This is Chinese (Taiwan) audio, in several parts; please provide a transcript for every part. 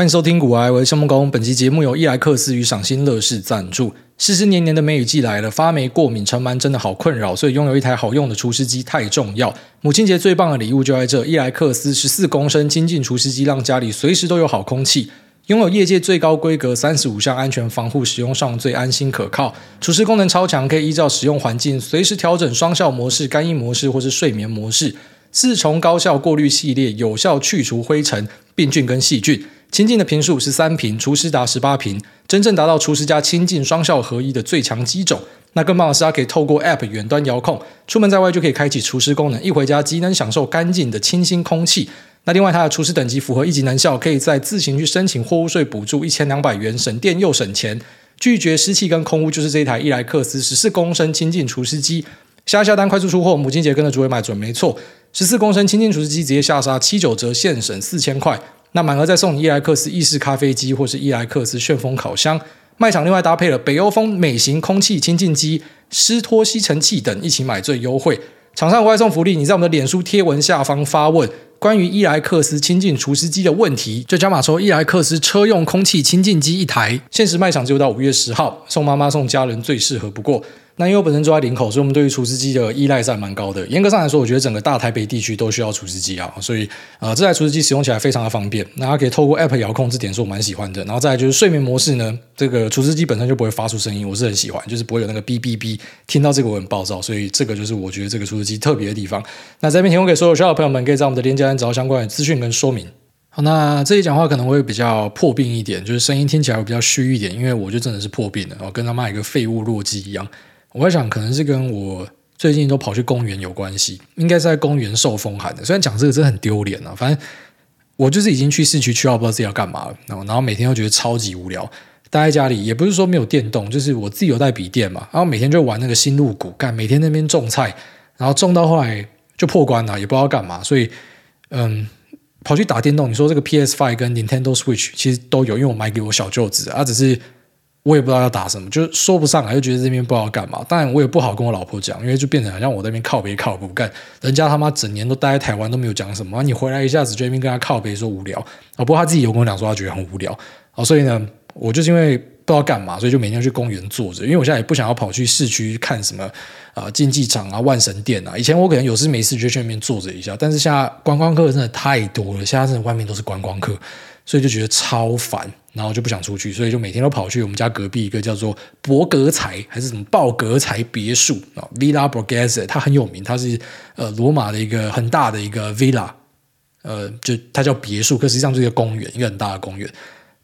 歡迎收聽、啊《股癌，我是孟恭。本期節目由伊萊克斯與賞心樂事贊助。溼溼黏黏的梅雨季來了，發霉、過敏、塵蟎真的好困擾，所以擁有一台好用的除溼機太重要。母親節最棒的禮物就在這——伊萊克斯十四公升清淨除溼機，讓家裡隨時都有好空氣。擁有業界最高規格三十五項安全防護，使用上最安心可靠。除溼功能超強，可以依照使用環境隨時調整雙效模式、乾衣模式或是睡眠模式。四重高效過濾系列，有效去除灰塵、病菌跟細菌。清淨的坪數是十三坪，除溼達十八坪，真正達到除溼加清淨雙效合一的最強機種。那更棒的是，它可以透過 APP 遠端遙控，出門在外就可以開啟除溼功能，一回家即能享受乾淨的清新空氣。那另外，它的除溼等級符合一級能效，可以再自行去申請貨物稅補助一千兩百元，省電又省錢。拒絕濕氣跟空污，就是這台一台伊萊克斯十四公升清淨除溼機。下下單快速出貨，母親節跟着主委買準沒錯。十四公升清淨除溼機直接下殺七九折，現省四千塊。那滿額再送你伊萊克斯意式咖啡機，或是伊萊克斯旋風烤箱。賣場另外搭配了北歐風美型空氣清淨機、溼拖吸塵器等，一起買最優惠。廠商額外送福利，你在我們的臉書貼文下方發問關於伊萊克斯清淨除溼機的問題，就加碼抽伊萊克斯車用空氣清淨機一台。限時賣場只有到五月十號，送媽媽送家人最適合不過。那因為我本身住在林口，所以我們對於除濕機的依賴是蠻高的。嚴格上來說，我覺得整個大台北地區都需要除濕機啊，所以呃，這台除濕機使用起來非常的方便。那它可以透過 App 遙控，這點是我蠻喜歡的。然後再來就是睡眠模式呢，這個除濕機本身就不會發出聲音，我是很喜歡，就是不會有那個嗶嗶嗶，聽到這個我很暴躁。所以這個就是我覺得這個除濕機特別的地方。那這邊提供給所有需要的朋友們，可以在我們的鏈接上找到相關的資訊跟說明。好，那這期講話可能會比較破病一點，就是聲音聽起來會比較虛一點，因為我就真的是破病的，我跟他媽一個廢物弱雞一樣。我在想，可能是跟我最近都跑去公園有關係，應該是在公園受風寒的。雖然講這個真的很丟臉啊，反正我就是已經去市區去到不知道自己要幹嘛了。然後，然後每天都覺得超級無聊，待在家裡也不是說沒有電動，就是我自己有帶筆電嘛。然後每天就玩那個《星露谷》，幹每天那邊種菜，然後種到後來就破關了，也不知道幹嘛。所以，嗯，跑去打電動。你說這個 PS5 跟 Nintendo Switch 其實都有，因為我買給我小舅子，他、啊、只是。我也不知道要打什麼，就說不上來，又覺得這邊不知道幹嘛。當然，我也不好跟我老婆講，因為就變成好像我在那邊靠北靠北，幹，人家他媽整年都待在台灣都沒有講什麼，啊、你回來一下子這邊跟他靠北說無聊。哦、不過他自己有跟我講說他覺得很無聊。哦、所以呢，我就是因為不知道幹嘛，所以就每天去公園坐着因為我現在也不想要跑去市區看什麼啊呃、競技場啊、萬神殿啊。以前我可能有事沒事就去那邊坐着一下，但是現在觀光客真的太多了，現在真的外面都是觀光客。所以就覺得超煩，然後就不想出去，所以就每天都跑去我們家隔壁一個叫做博格才還是什麼鮑格才別墅啊，Villa Borghese，它很有名，它是呃羅馬的一個很大的一個 villa，呃，就它叫別墅，可是實際上是一個公園，一個很大的公園。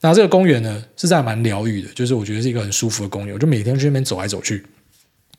那這個公園呢，實在還蠻療癒的，就是我覺得是一個很舒服的公園，我就每天去那邊走來走去。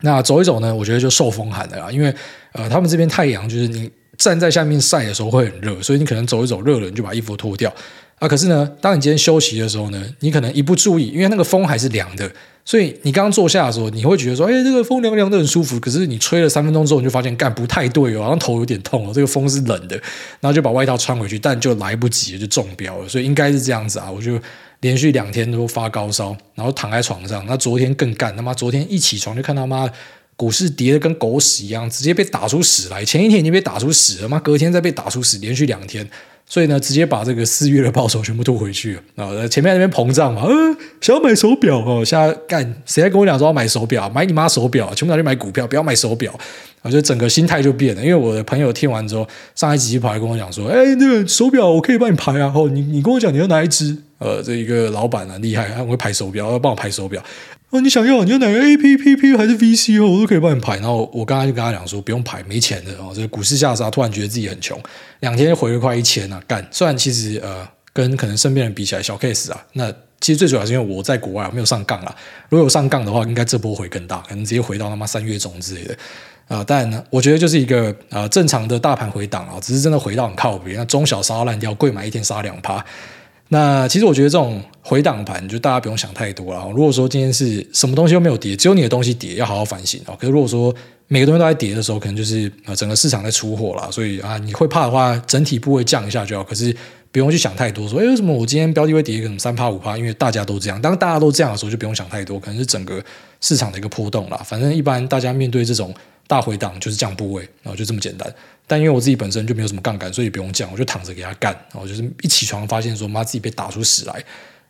那走一走呢，我覺得就受風寒的啦，因為呃，他們這邊太陽就是你站在下面曬的時候會很熱，所以你可能走一走熱了，你就把衣服脫掉。啊，可是呢，當你今天休息的時候呢，你可能一不注意，因為那個風還是涼的，所以你剛剛坐下的時候，你會覺得說，哎、欸，這個風涼涼的很舒服。可是你吹了三分鐘之後，你就發現，幹不太對哦，好像頭有點痛哦，這個風是冷的，然後就把外套穿回去，但就來不及了，就中標了。所以應該是這樣子啊，我就連續兩天都發高燒，然後躺在床上。那昨天更幹，他媽昨天一起床就看他媽股市跌得跟狗屎一樣，直接被打出屎來。前一天已經被打出屎了嗎？隔天再被打出屎，連續兩天。所以呢，直接把這個四月的報酬全部吐回去啊、呃！前面在那邊膨脹嘛，呃，想要買手表哦、呃，現在幹誰在跟我講說要買手表？買你媽手表！全部拿去買股票，不要買手表！我、呃、就整個心態就變了，因為我的朋友聽完之後，上一集跑來跟我講說：“哎、欸，那個手表我可以幫你排啊！”哦，你你跟我講你要哪一支？呃，這一個老闆啊，厲害，他會排手表，要幫我排手表。哦、你想要，你要哪個 A P P P 還是 V C o 我都可以幫你排。然後我剛才就跟他講說，不用排，沒錢的哦。這個股市下殺、啊，突然覺得自己很窮，兩天回了快一千啊！幹，雖然其實呃，跟可能身邊人比起來小 case 啊。那其實最主要是因為我在國外、啊，我沒有上槓啊。如果有上槓的話，應該這波回更大，可能直接回到他媽三月中之類的啊、呃。但我覺得就是一個啊、呃、正常的大盤回檔啊，只是真的回到很靠北。那中小殺爛掉，櫃買一天殺兩趴。那其實我覺得這種回檔盤，就大家不用想太多啦。如果說今天是什麼東西都沒有跌，只有你的東西跌，要好好反省哦、喔。可是如果說每個東西都在跌的時候，可能就是整個市場在出貨了，所以啊，你會怕的話，整體部位降一下就好。可是。不用去想太多，所以為什麼我今天標的會跌一個什麼三趴五趴？因為大家都這樣。當大家都這樣的時候，就不用想太多，可能是整個市場的一個波動了。反正一般大家面對這種大回檔，就是降部位，然後就這麼簡單。但因為我自己本身就沒有什麼槓桿，所以不用降，我就躺着給他幹。然後就是一起床發現說，媽，自己被打出屎來。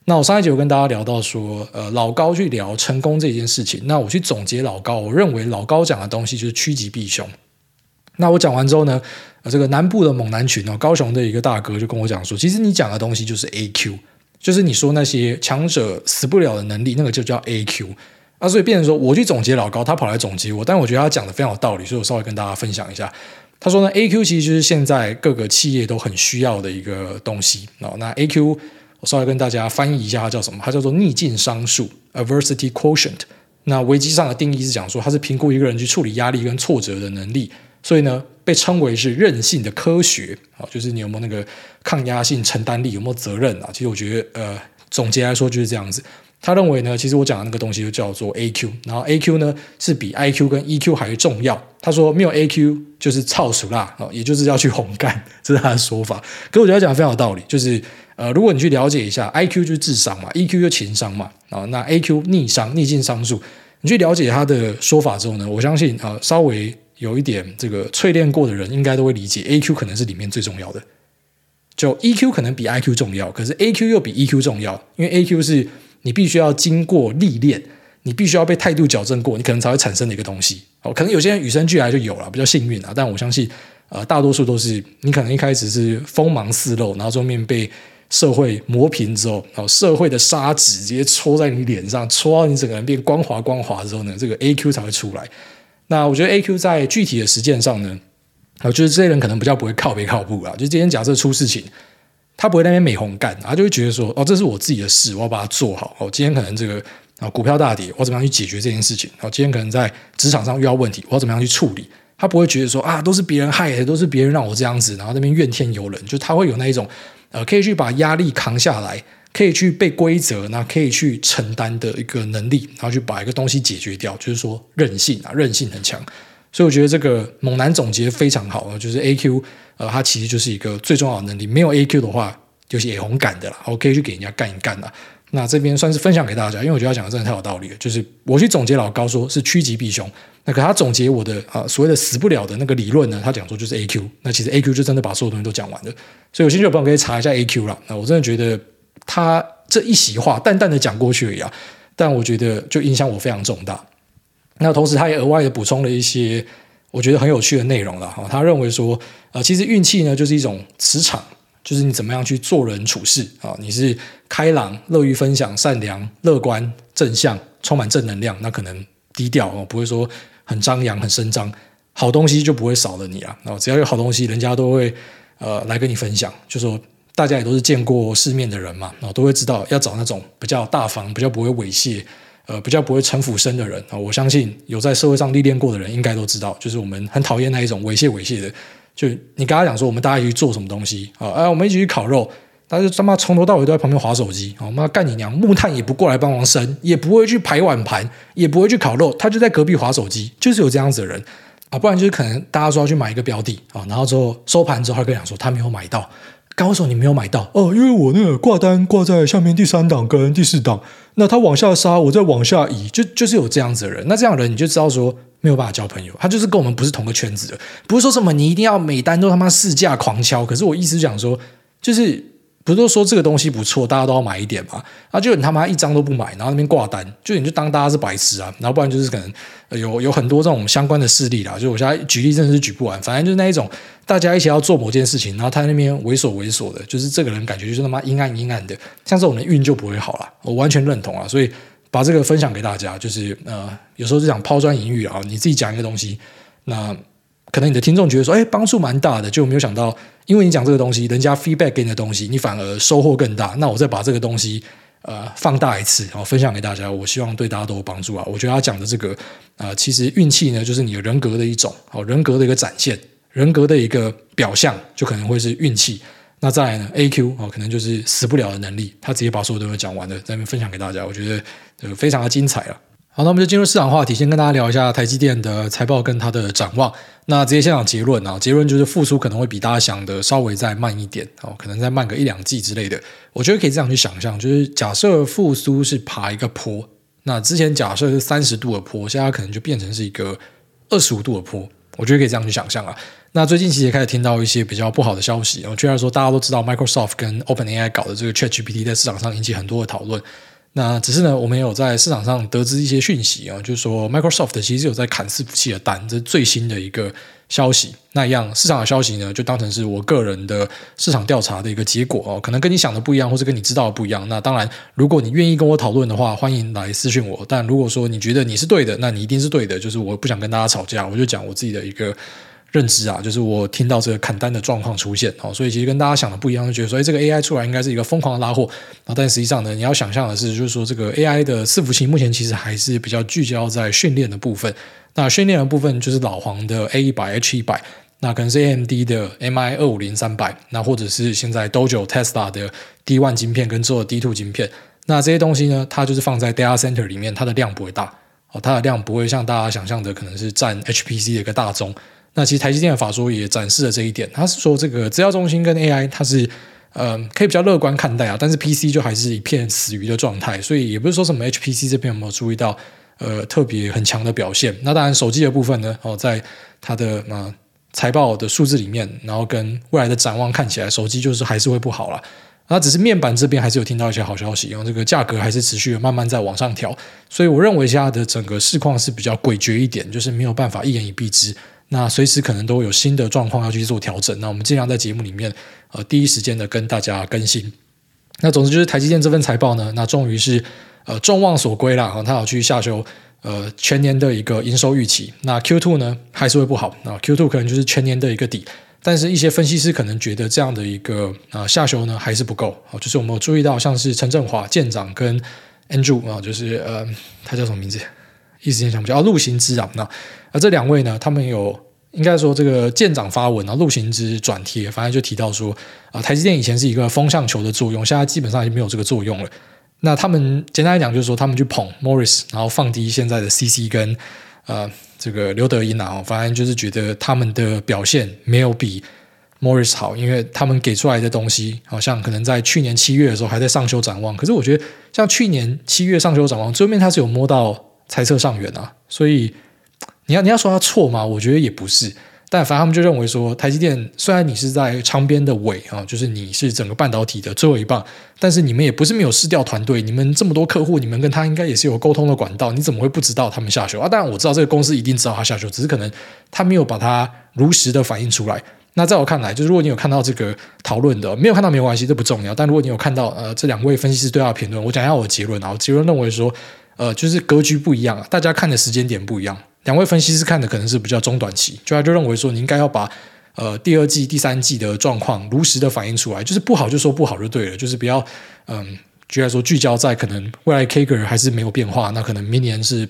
那我上一集我跟大家聊到說，呃，老高去聊成功這件事情。那我去總結老高，我認為老高講的東西就是趨吉避凶。那我講完之後呢，呃，這個南部的猛男群哦，高雄的一個大哥就跟我講說，其實你講的東西就是 AQ，就是你說那些強者死不了的能力，那個就叫 AQ 啊。所以變成說我去總結老高，他跑來總結我，但我覺得他講的非常有道理，所以我稍微跟大家分享一下。他說呢，AQ 其實就是現在各個企業都很需要的一個東西哦。那 AQ 我稍微跟大家翻譯一下，它叫什麼？它叫做逆境商數 （Adversity Quotient）。Ad Qu ient, 那危機上的定義是講說，它是評估一個人去處理壓力跟挫折的能力。所以呢，被稱為是韌性的科學，就是你有沒有那個抗壓性、承擔力，有沒有責任啊？其實我覺得，呃，總結來說就是這樣子。他認為呢，其實我講的那個東西就叫做 A Q，然後 A Q 呢是比 I Q 跟 E Q 還要重要。他說沒有 A Q 就是操鼠啦，也就是要去紅幹，這是他的說法。可我覺得他講的非常有道理，就是呃，如果你去了解一下 I Q 就是智商嘛，E Q 就是情商嘛，然後那 A Q 逆商、逆境商數，你去了解他的說法之後呢，我相信呃，稍微。有一點這個淬煉過的人應該都會理解，A Q 可能是裡面最重要的。就 E Q 可能比 I Q 重要，可是 A Q 又比 E Q 重要，因為 A Q 是你必須要經過歷練，你必須要被態度矯正過，你可能才會產生的一個東西。哦，可能有些人與生俱來就有了，比較幸運啊。但我相信，呃，大多數都是你可能一開始是鋒芒四露，然後中面被社會磨平之後，哦，社會的砂紙直接戳在你臉上，戳到你整個人變光滑光滑之後呢，這個 A Q 才會出來。那我覺得 AQ 在具體的實踐上呢，啊，就是這些人可能比較不會靠北靠母啊，就今天假設出事情，他不會那邊美紅干，他就會覺得說，哦，這是我自己的事，我要把它做好。哦，今天可能這個啊、哦、股票大跌，我怎麼樣去解決這件事情？哦，今天可能在職場上遇到問題，我要怎麼樣去處理？他不會覺得說，啊，都是別人害的，都是別人讓我這樣子，然後那邊怨天尤人，就他會有那一種，呃，可以去把壓力扛下來。可以去背規則，那可以去承擔的一個能力，然後去把一個東西解決掉，就是說韌性啊，韌性很強。所以我覺得這個猛男總結非常好，就是 A Q，呃，它其實就是一個最重要的能力。沒有 A Q 的話，就是也很趕的啦，我可以去給人家幹一幹啦。那這邊算是分享給大家，因為我覺得他講的真的太有道理了。就是我去總結老高說是趨吉避凶，那可他總結我的啊所謂的死不了的那個理論呢，他講說就是 A Q。那其實 A Q 就真的把所有東西都講完了，所以有興趣的朋友可以查一下 A Q 啦。那我真的覺得。他這一席話淡淡的講過去而已啊，但我覺得就影響我非常重大。那同時，他也額外的補充了一些我覺得很有趣的內容了哈、哦。他認為說，呃，其實運氣呢，就是一種磁場，就是你怎麼樣去做人處事啊、哦。你是開朗、樂於分享、善良、樂觀、正向、充滿正能量，那可能低調哦，不會說很張揚、很聲張，好東西就不會少了你啊。那、哦、只要有好東西，人家都會呃來跟你分享，就說。大家也都是見過世面的人嘛，都會知道要找那種比較大方、比較不會猥褻、呃，比較不會城府深的人。哦，我相信有在社會上歷練過的人，應該都知道，就是我們很討厭那一種猥褻猥褻的。就你跟他講說，我們大家一起做什麼東西啊？我們一起去烤肉，大家就他就他媽從頭到尾都在旁邊滑手機。我媽幹你娘！木炭也不過來幫忙生，也不會去排碗盤，也不會去烤肉，他就在隔壁滑手機。就是有這樣子的人啊，不然就是可能大家說要去買一個標的啊，然後之後收盤之後，他跟你講說他沒有買到。剛剛說你沒有買到哦，因為我那個掛單掛在下面第三檔跟第四檔，那他往下殺，我再往下移，就就是有這樣子的人。那這樣的人你就知道說沒有辦法交朋友，他就是跟我們不是同個圈子的。不是說什麼你一定要每單都他媽市價狂敲，可是我意思講說就是。不是說這個東西不錯，大家都要買一點嘛？啊，就你他媽一張都不買，然後那邊掛單，就你就當大家是白痴啊？然後不然就是可能有有很多這種相關的事例啦。就我現在舉例真的是舉不完，反正就是那一種大家一起要做某件事情，然後他那邊猥瑣猥瑣的，就是這個人感覺就是他媽陰暗陰暗的，像這種人運就不會好了。我完全認同啊，所以把這個分享給大家，就是呃，有時候就想拋磚引玉啊，你自己講一個東西，那。可能你的聽眾覺得說，哎、欸，幫助蠻大的，就沒有想到，因為你講這個東西，人家 feedback 給你的東西，你反而收穫更大。那我再把這個東西呃放大一次，好、哦，分享給大家。我希望對大家都有幫助啊！我覺得他講的這個、呃、其實運氣呢，就是你的人格的一種，好、哦，人格的一個展現，人格的一個表象，就可能會是運氣。那再來呢，AQ、哦、可能就是死不了的能力。他直接把所有東西講完了，在那邊分享給大家，我覺得非常的精彩了、啊。好，那我們就進入市場話題，先跟大家聊一下台積電的財報跟它的展望。那直接先講結論啊，結論就是復甦可能會比大家想的稍微再慢一點哦，可能再慢個一兩季之類的。我覺得可以這樣去想象，就是假設復甦是爬一個坡，那之前假設是三十度的坡，現在可能就變成是一個二十五度的坡。我覺得可以這樣去想象啊。那最近其實也開始聽到一些比較不好的消息，雖然說大家都知道 Microsoft 跟 OpenAI 搞的這個 ChatGPT 在市場上引起很多的討論。那只是呢，我們也有在市場上得知一些訊息啊、哦，就是說 Microsoft 其實有在砍伺服器的單，這是最新的一個消息。那樣市場的消息呢，就當成是我個人的市場調查的一個結果哦，可能跟你想的不一樣，或者跟你知道的不一樣。那當然，如果你願意跟我討論的話，歡迎來私訊我。但如果說你覺得你是對的，那你一定是對的。就是我不想跟大家吵架，我就講我自己的一個。認知啊，就是我聽到這個砍單的狀況出現哦，所以其實跟大家想的不一樣，就覺得說，欸，這個 AI 出來應該是一個瘋狂的拉貨，但實際上呢，你要想象的是，就是說這個 AI 的伺服器目前其實還是比較聚焦在訓練的部分。那訓練的部分就是老黃的 A 一百 H 一百，那可能是 AMD 的 MI 二五零三百，300, 那或者是現在 Dojo Tesla 的 D1 晶片跟做 D2 晶片。那這些東西呢，它就是放在 Data Center 裡面，它的量不會大哦，它的量不會像大家想象的可能是佔 HPC 的一個大宗。那其實台積電的法說也展示了這一點，他是說這個資料中心跟 AI，它是呃可以比較樂觀看待啊，但是 PC 就還是一片死魚的狀態，所以也不是說什麼 HPC 這邊有沒有注意到呃特別很強的表現。那當然手機的部分呢，哦，在它的呃財報的數字裡面，然後跟未來的展望看起來，手機就是還是會不好了。那只是面板這邊還是有聽到一些好消息，用這個價格還是持續慢慢在往上調，所以我認為現在的整個市況是比較詭譎一點，就是沒有辦法一言以蔽之。那隨時可能都有新的狀況要去做調整，那我們盡量在節目裡面呃第一時間的跟大家更新。那總之就是台積電這份財報呢，那終於是呃眾望所歸了啊，它、哦、要去下修呃全年的一個營收預期。那 Q two 呢還是會不好，那 Q two 可能就是全年的一個底，但是一些分析師可能覺得這樣的一個啊、呃、下修呢還是不夠啊、哦，就是我們有注意到像是陳振華艦長跟 Andrew 啊、哦，就是呃他叫什麼名字？一時間想不起哦，啊，陸行之啊，那而這兩位呢，他們有應該說這個艦長發文啊，陸行之轉貼，反正就提到說啊、呃，台積電以前是一個風向球的作用，現在基本上已經沒有這個作用了。那他們簡單來講，就是說他們去捧 Morris，然後放低現在的 CC 跟呃這個劉德音啊，反正就是覺得他們的表現沒有比 Morris 好，因為他們給出來的東西好像可能在去年七月的時候還在上修展望，可是我覺得像去年七月上修展望，最後面他是有摸到。猜測上緣啊，所以你要你要說他錯嗎？我覺得也不是。但反正他們就認為說，台積電雖然你是在長鞭的尾啊，就是你是整個半導體的最後一棒，但是你們也不是沒有市調團隊，你們這麼多客戶，你們跟他應該也是有溝通的管道，你怎麼會不知道他們下修啊？當然我知道這個公司一定知道他下修，只是可能他沒有把它如實的反映出來。那在我看來，就是如果你有看到這個討論的，沒有看到沒關係，這不重要。但如果你有看到呃，這兩位分析師對他的評論，我講一下我的結論啊。我結論認為說。呃，就是格局不一樣啊，大家看的時間點不一樣。兩位分析師看的可能是比較中短期，就他就認為說，你應該要把呃第二季、第三季的狀況如實的反映出來，就是不好就說不好就對了，就是不要嗯就、呃、來說聚焦在可能未來 K g r 還是沒有變化，那可能明年是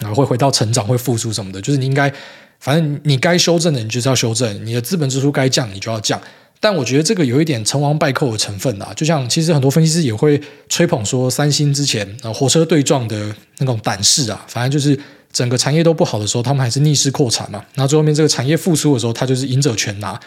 啊會回到成長會復甦什麼的，就是你應該反正你該修正的你就是要修正，你的資本支出該降你就要降。但我覺得這個有一點成王敗寇的成分啊，就像其實很多分析師也會吹捧說，三星之前、呃、火車對撞的那種膽識啊，反正就是整個產業都不好的時候，他們還是逆勢擴產嘛、啊。那最後面這個產業復蘇的時候，他就是贏者全拿。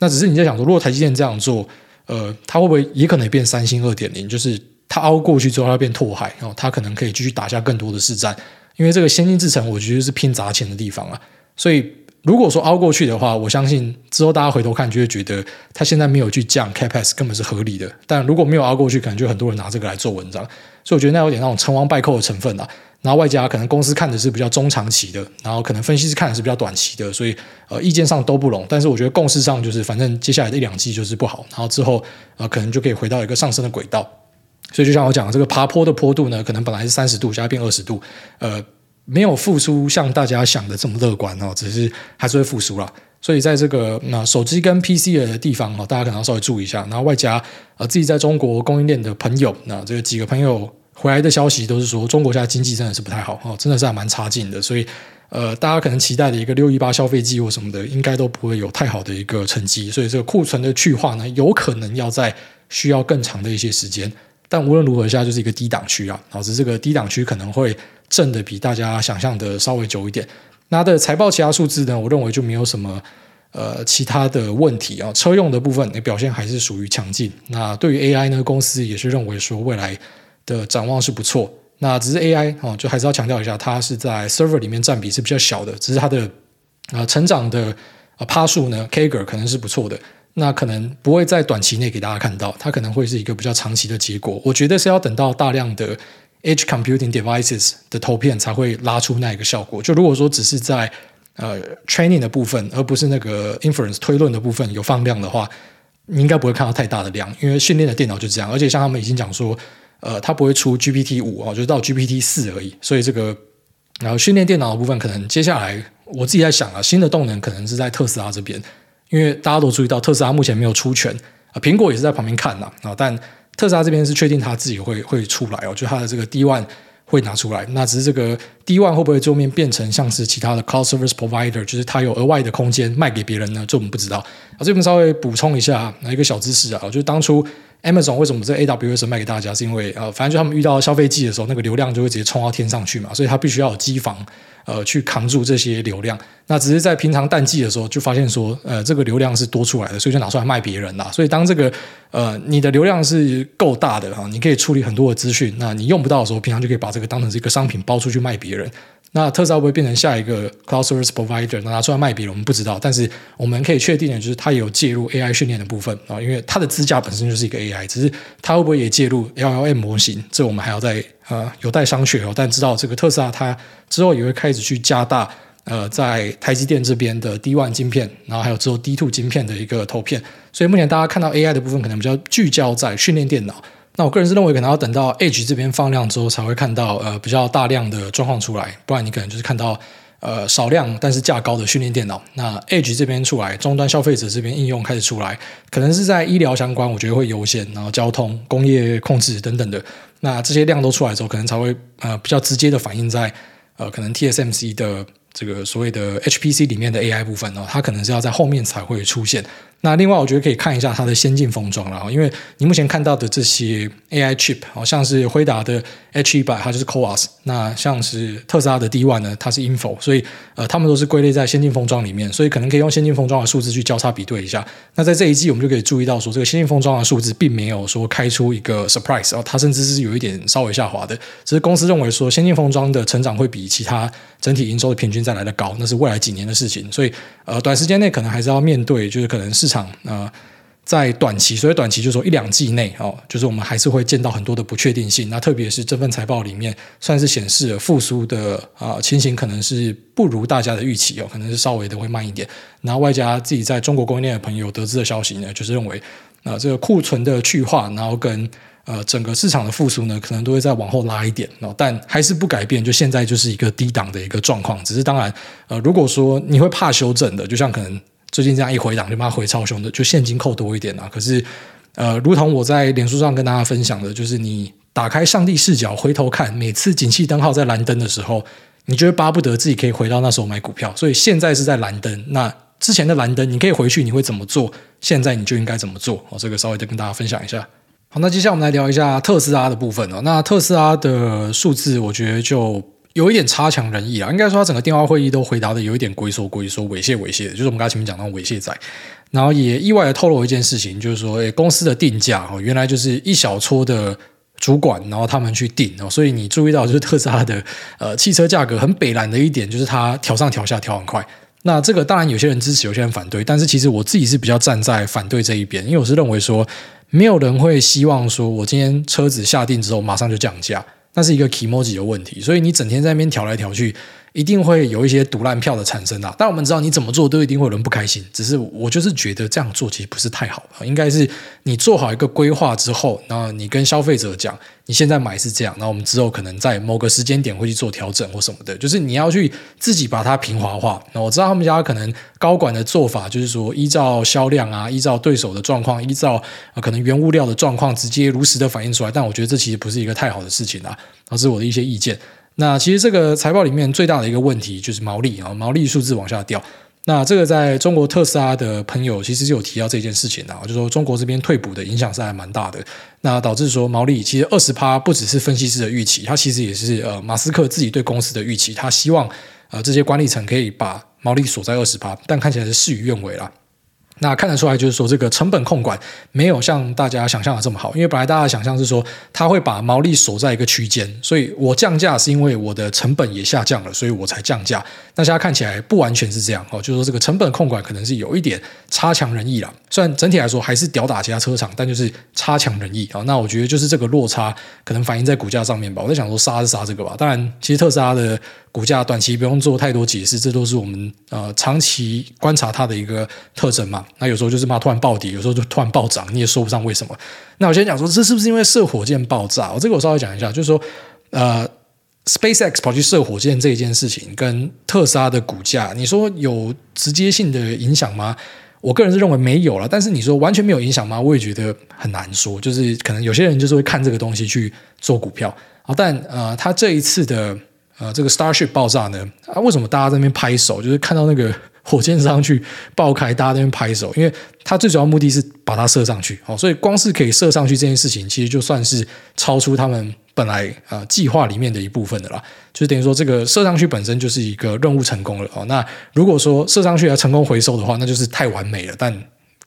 那只是你在想說，如果台積電這樣做，呃，他會不會也可能變三星二點零？就是他熬過去之後，他變拓海，然、哦、後他可能可以繼續打下更多的市占，因為這個先進製程，我覺得是拼砸錢的地方啊，所以。如果說熬過去的話，我相信之後大家回頭看就會覺得它現在沒有去降 capex 根本是合理的。但如果沒有熬過去，可能就很多人拿這個來做文章，所以我覺得那有點那種成王敗寇的成分了啊。然後外加可能公司看的是比較中長期的，然後可能分析師看的是比較短期的，所以呃意見上都不容。但是我覺得共識上就是，反正接下來的一兩季就是不好，然後之後呃可能就可以回到一個上升的軌道。所以就像我講，這個爬坡的坡度呢，可能本來是三十度，現在變二十度，呃。沒有復甦，像大家想的這麼樂觀哦，只是還是會復甦了。所以在這個手機跟 PC 的地方，大家可能要稍微注意一下。然後外加自己在中國供應鏈的朋友，那這個、幾個朋友回來的消息都是說，中國現在經濟真的是不太好，真的是還蠻差勁的。所以、呃、大家可能期待的一個六一八消費季或什麼的，應該都不會有太好的一個成績。所以這個庫存的去化呢，有可能要在需要更長的一些時間。但無論如何，現在就是一個低檔區啊，導致這個低檔區可能會。掙的比大家想象的稍微久一點。那的財報其他數字呢？我認為就沒有什麼呃其他的問題啊。車用的部分，也表現還是屬於強勁。那對於 AI 呢，公司也是認為說，未來的展望是不錯。那只是 AI 啊、哦，就還是要強調一下，它是在 server 裡面占比是比較小的。只是它的啊、呃、成長的呃趴數呢，CAGR 可能是不錯的。那可能不會在短期內給大家看到，它可能會是一個比較長期的結果。我覺得是要等到大量的。Edge computing devices 的投片才會拉出那一個效果。就如果說只是在呃 training 的部分，而不是那個 inference 推論的部分有放量的話，你應該不會看到太大的量，因為訓練的電腦就是這樣。而且像他們已經講說，呃，它不會出 GPT 五就，哦，就到 GPT 四而已。所以這個然後訓練電腦的部分，可能接下來我自己在想啊，新的動能可能是在特斯拉這邊，因為大家都注意到特斯拉目前沒有出拳，啊，蘋果也是在旁邊看吶啊，哦，但。特斯拉這邊是確定他自己會會出來，哦，就他的這個 D1 會拿出來。那只是這個 D1 會不會後面變成像是其他的 Cloud Service Provider，就是它有額外的空間賣給別人呢？這我們不知道。我、啊、這邊稍微補充一下，哪一個小知識啊，就是當初。Amazon 為什麼這 AWS 賣給大家？是因為呃，反正就他們遇到消費季的時候，那個流量就會直接衝到天上去嘛，所以它必須要有機房呃去扛住這些流量。那只是在平常淡季的時候，就發現說呃這個流量是多出來的，所以就拿出來賣別人啦。所以當這個呃你的流量是夠大的，啊，你可以處理很多的資訊。那你用不到的時候，平常就可以把這個當成是一個商品包出去賣別人。那特斯拉會不會變成下一個 cloud service provider？拿出來賣別人，我們不知道。但是我們可以確定的就是，它有介入 AI 訓練的部分啊，因為它的自駕本身就是一個 AI，只是它會不會也介入 LLM 模型，這我們還要再呃有待商榷哦。但知道這個特斯拉它之後也會開始去加大呃在台積電這邊的 D one 晶片，然後還有之後 D two 晶片的一個投片。所以目前大家看到 AI 的部分，可能比較聚焦在訓練電腦。那我個人是認為，可能要等到 Edge 這邊放量之後，才會看到呃比較大量的狀況出來。不然你可能就是看到呃少量但是價高的訓練電腦。那 Edge 這邊出來，終端消費者這邊應用開始出來，可能是在醫療相關，我覺得會優先，然後交通、工業控制等等的。那這些量都出來之後，可能才會呃比較直接的反映在呃可能 TSMC 的這個所謂的 HPC 裡面的 AI 部分哦，它可能是要在後面才會出現。那另外，我覺得可以看一下它的先進封裝了啊，因為你目前看到的這些 AI chip 好像是輝達的 H100，它就是 CoWoS，那像是特斯拉的 D1 呢，它是 InFO，所以，呃，他們都是歸類在先進封裝裡面，所以可能可以用先進封裝的數字去交叉比對一下。那在這一季，我們就可以注意到說，這個先進封裝的數字並沒有說開出一個 surprise，然後它甚至是有一點稍微下滑的。只是公司認為說，先進封裝的成長會比其他整體營收的平均再來的高，那是未來幾年的事情。所以，呃，短時間內可能還是要面對，就是可能是。市場啊，在短期，所以短期就是說一兩季內哦，就是我們還是會見到很多的不確定性。那特別是這份財報裡面，算是顯示了復甦的啊、呃、情形，可能是不如大家的預期哦，可能是稍微的會慢一點。然後外加自己在中國供應鏈的朋友得知的消息呢，就是認為啊、呃，這個庫存的去化，然後跟呃整個市場的復甦呢，可能都會再往後拉一點哦，但還是不改變，就現在就是一個低檔的一個狀況。只是當然，呃，如果說你會怕修正的，就像可能。最近這樣一回檔就媽回超凶的，就現金扣多一點啦，啊。可是，呃，如同我在臉書上跟大家分享的，就是你打開上帝視角回頭看，每次景氣燈號在藍燈的時候，你就會巴不得自己可以回到那時候買股票。所以現在是在藍燈，那之前的藍燈你可以回去，你會怎麼做？現在你就應該怎麼做？哦，這個稍微的跟大家分享一下。好，那接下來我們來聊一下特斯拉的部分哦。那特斯拉的數字，我覺得就。有一點差強人意啊，應該說他整個電話會議都回答的有一點龜縮龜縮、猥褻猥褻的，就是我們剛才前面講到猥褻仔。然後也意外的透露一件事情，就是說，欸、公司的定價哦，原來就是一小撮的主管，然後他們去定哦，所以你注意到，就是特斯拉的、呃、汽車價格很北爛的一點，就是它調上調下，調很快。那這個當然有些人支持，有些人反對，但是其實我自己是比較站在反對這一邊，因為我是認為說，沒有人會希望說我今天車子下定之後馬上就降價。那是一個気持ち的問題，所以你整天在那邊調來調去。一定會有一些賭爛票的產生啦。但我們知道你怎麼做都一定會有人不開心，只是我就是覺得這樣做其實不是太好，應該是你做好一個規劃之後，然後你跟消費者講，你現在買是這樣，那我們之後可能在某個時間點會去做調整或什麼的，就是你要去自己把它平滑化。那我知道他們家可能高管的做法就是說，依照銷量啊，依照對手的狀況，依照可能原物料的狀況，直接如實的反映出來。但我覺得這其實不是一個太好的事情啦、啊。那是我的一些意見。那其實這個財報裡面最大的一個問題就是毛利啊，毛利數字往下掉。那這個在中國特斯拉的朋友其實就有提到這件事情吶，就是說中國這邊退補的影響是還蠻大的。那導致說毛利其實二十趴不只是分析師的預期，它其實也是呃馬斯克自己對公司的預期，他希望呃這些管理層可以把毛利鎖在二十趴，但看起來是事與願違了。那看得出來，就是說這個成本控管沒有像大家想象的這麼好，因為本來大家想象是說它會把毛利鎖在一個區間，所以我降價是因為我的成本也下降了，所以我才降價。那現在看起來不完全是這樣哦，就是說這個成本控管可能是有一點差強人意了。雖然整體來說還是吊打其他車廠，但就是差強人意。哦，那我覺得就是這個落差可能反映在股價上面吧。我在想說殺是殺這個吧，當然其實特斯拉的。股價短期不用做太多解釋，這都是我們呃長期觀察它的一個特徵嘛。那有時候就是嘛，突然暴跌，有時候就突然暴漲，你也說不上為什麼。那我先講說，這是不是因為射火箭爆炸？我、哦、這個我稍微講一下，就是說呃，SpaceX 跑去射火箭這件事情，跟特斯拉的股價，你說有直接性的影響嗎？我個人是認為沒有啦。但是你說完全沒有影響嗎？我也覺得很難說。就是可能有些人就是會看這個東西去做股票好、哦、但呃，他這一次的。呃，這個 Starship 爆炸呢，啊，為什麼大家在那邊拍手？就是看到那個火箭上去爆開，大家在那邊拍手，因為它最主要目的是把它射上去，哦，所以光是可以射上去這件事情，其實就算是超出他們本來，呃，計劃裡面的一部分的啦。就等於說，這個射上去本身就是一個任務成功了哦。那如果說射上去要成功回收的話，那就是太完美了，但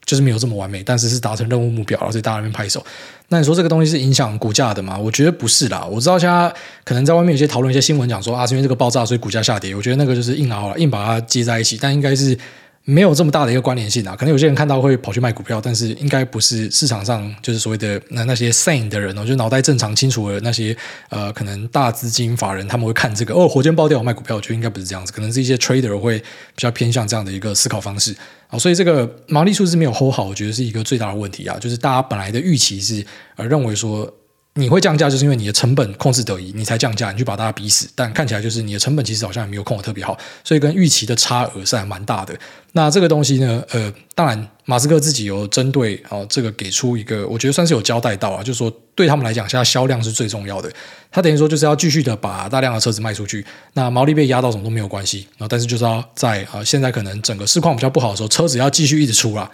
就是沒有這麼完美，但是是達成任務目標，然後在大家在那邊拍手。那你說這個東西是影響股價的嗎？我覺得不是啦。我知道現在可能在外面有些討論一些新聞，講說啊，是因為這個爆炸所以股價下跌。我覺得那個就是硬拗了，硬把它接在一起，但應該是。沒有這麼大的一個關聯性啊，可能有些人看到會跑去賣股票，但是應該不是市場上就是所謂的那那些 sane 的人哦，就腦袋正常清楚的那些呃，可能大資金法人他們會看這個哦，火箭爆掉我賣股票，我覺得應該不是這樣子，可能是一些 trader 會比較偏向這樣的一個思考方式啊，所以這個毛利數字沒有 hold 好，我覺得是一個最大的問題啊，就是大家本來的預期是呃認為說。你會降價，就是因為你的成本控制得宜，你才降價，你去把大家逼死。但看起來就是你的成本其實好像也沒有控得特別好，所以跟預期的差額是還蠻大的。那這個東西呢，呃，當然馬斯克自己有針對哦，這個給出一個，我覺得算是有交代到啊，就是說對他們來講，現在銷量是最重要的。他等於說就是要繼續的把大量的車子賣出去，那毛利被壓到怎麼都沒有關係然後、哦、但是就是要在啊、呃，現在可能整個市況比較不好的時候，車子要繼續一直出啊。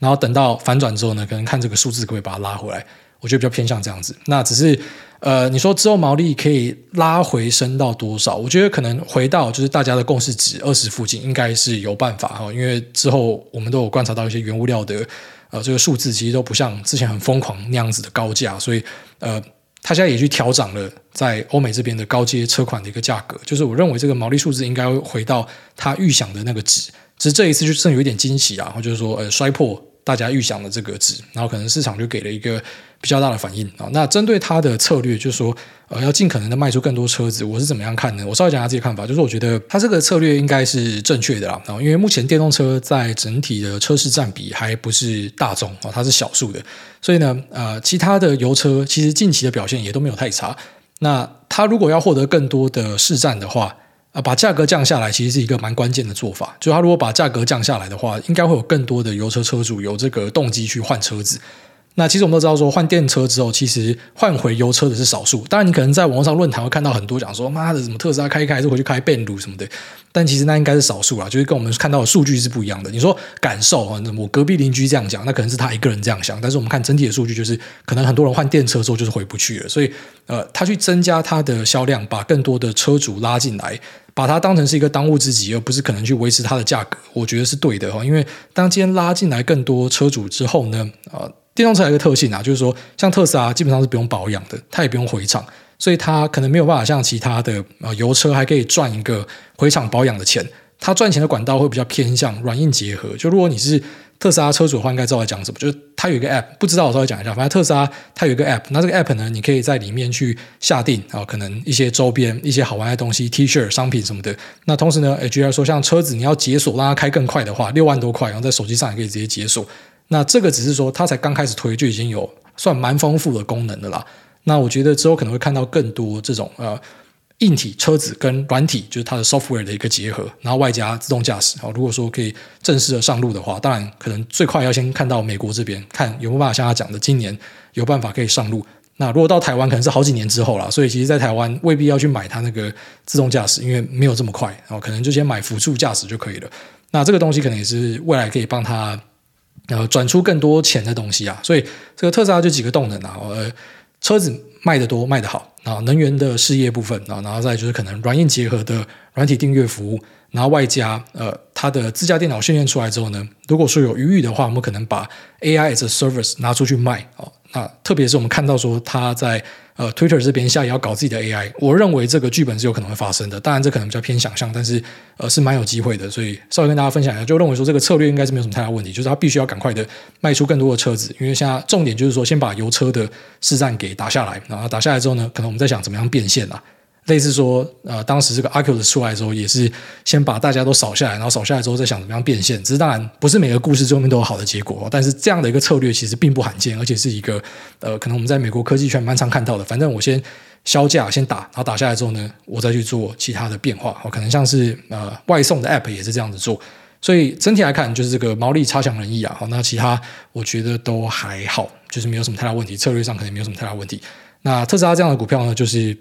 然後等到反轉之後呢，可能看這個數字可,可以把它拉回來。我覺得比較偏向這樣子，那只是，呃，你說之後毛利可以拉回升到多少？我覺得可能回到就是大家的共識值二十附近，應該是有辦法哈，因為之後我們都有觀察到一些原物料的，呃，這個數字其實都不像之前很瘋狂那樣子的高價，所以呃，他現在也去調漲了在歐美這邊的高階車款的一個價格，就是我認為這個毛利數字應該會回到他預想的那個值，只是這一次就剩有一點驚喜啊，或就是說呃摔破，大家預想的這個值，然後可能市場就給了一個比較大的反應啊。那針對他的策略，就是說，呃，要盡可能的賣出更多車子，我是怎麼樣看呢？我稍微講下自己的看法，就是我覺得他這個策略應該是正確的啦。因為目前電動車在整體的車市占比還不是大宗啊，它是小數的，所以呢，呃，其他的油車其實近期的表現也都沒有太差。那他如果要獲得更多的市占的話，啊，把價格降下來其實是一個蠻關鍵的做法。就他如果把價格降下來的話，應該會有更多的油車車主有這個動機去換車子。那其實我們都知道，說換電車之後，其實換回油車的是少數。當然，你可能在網絡上論壇會看到很多講說，媽的，什麼特斯拉開一開，還是回去開變魯什麼的。但其實那應該是少數啦，就是跟我們看到的數據是不一樣的。你說感受啊，我隔壁鄰居這樣講，那可能是他一個人這樣想。但是我們看整體的數據，就是可能很多人換電車之後就是回不去了。所以，呃，他去增加他的銷量，把更多的車主拉進來，把它當成是一個當務之急，而不是可能去維持它的價格。我覺得是對的，因為當今天拉進來更多車主之後呢，啊。電動車有一個特性啊，就是說像特斯拉基本上是不用保養的，它也不用回廠，所以它可能沒有辦法像其他的、呃、油車還可以賺一個回廠保養的錢。它賺錢的管道會比較偏向軟硬結合。就如果你是特斯拉車主的話，應該知道在講什麼，就是它有一個 app，不知道我稍微講一下。反正特斯拉它有一個 app，那這個 app 呢，你可以在裡面去下定啊、呃，可能一些周邊一些好玩的東西、T 恤、shirt，商品什麼的。那同時呢，還比如說像車子，你要解鎖讓它開更快的話，六萬多塊，然後在手機上也可以直接解鎖。那這個只是說，它才剛開始推就已經有算蠻豐富的功能的啦。那我覺得之後可能會看到更多這種呃硬體車子跟軟體，就是它的 software 的一個結合，然後外加自動駕駛。好，如果說可以正式的上路的話，當然可能最快要先看到美國這邊，看有沒有辦法像他講的，今年有辦法可以上路。那如果到台灣可能是好幾年之後啦，所以其實，在台灣未必要去買它那個自動駕駛，因為沒有這麼快。好，可能就先買輔助駕駛就可以了。那這個東西可能也是未來可以幫他。呃，轉出更多錢的東西啊，所以這個特斯拉就幾個動能啊，呃，車子賣得多、賣得好啊，然後能源的事業部分啊，然後，然後再就是可能軟硬結合的軟體訂閱服務，然後外加呃它的自家電腦訓練出來之後呢，如果說有餘裕的話，我們可能把 AI as a Service 拿出去賣哦，那特別是我們看到說它在。呃，Twitter 這邊下也要搞自己的 AI，我認為這個劇本是有可能會發生的，當然這可能比較偏想象，但是呃是蠻有機會的，所以稍微跟大家分享一下，就認為說這個策略應該是沒有什麼太大問題，就是他必須要趕快的賣出更多的車子，因為現在重點就是說先把油車的市占給打下來，然後打下來之後呢，可能我們在想怎麼樣變現啊。類似說，呃，當時這個 Oculus 出來的時候，也是先把大家都掃下來，然後掃下來之後再想怎麼樣變現。只是當然不是每個故事最後面都有好的結果，但是這樣的一個策略其實並不罕見，而且是一個呃，可能我們在美國科技圈蠻常看到的。反正我先削價先打，然後打下來之後呢，我再去做其他的變化。哦、可能像是呃外送的 App 也是這樣子做。所以整體來看，就是這個毛利差強人意啊、哦。那其他我覺得都還好，就是沒有什麼太大問題，策略上可能沒有什麼太大問題。那特斯拉這樣的股票呢，就是。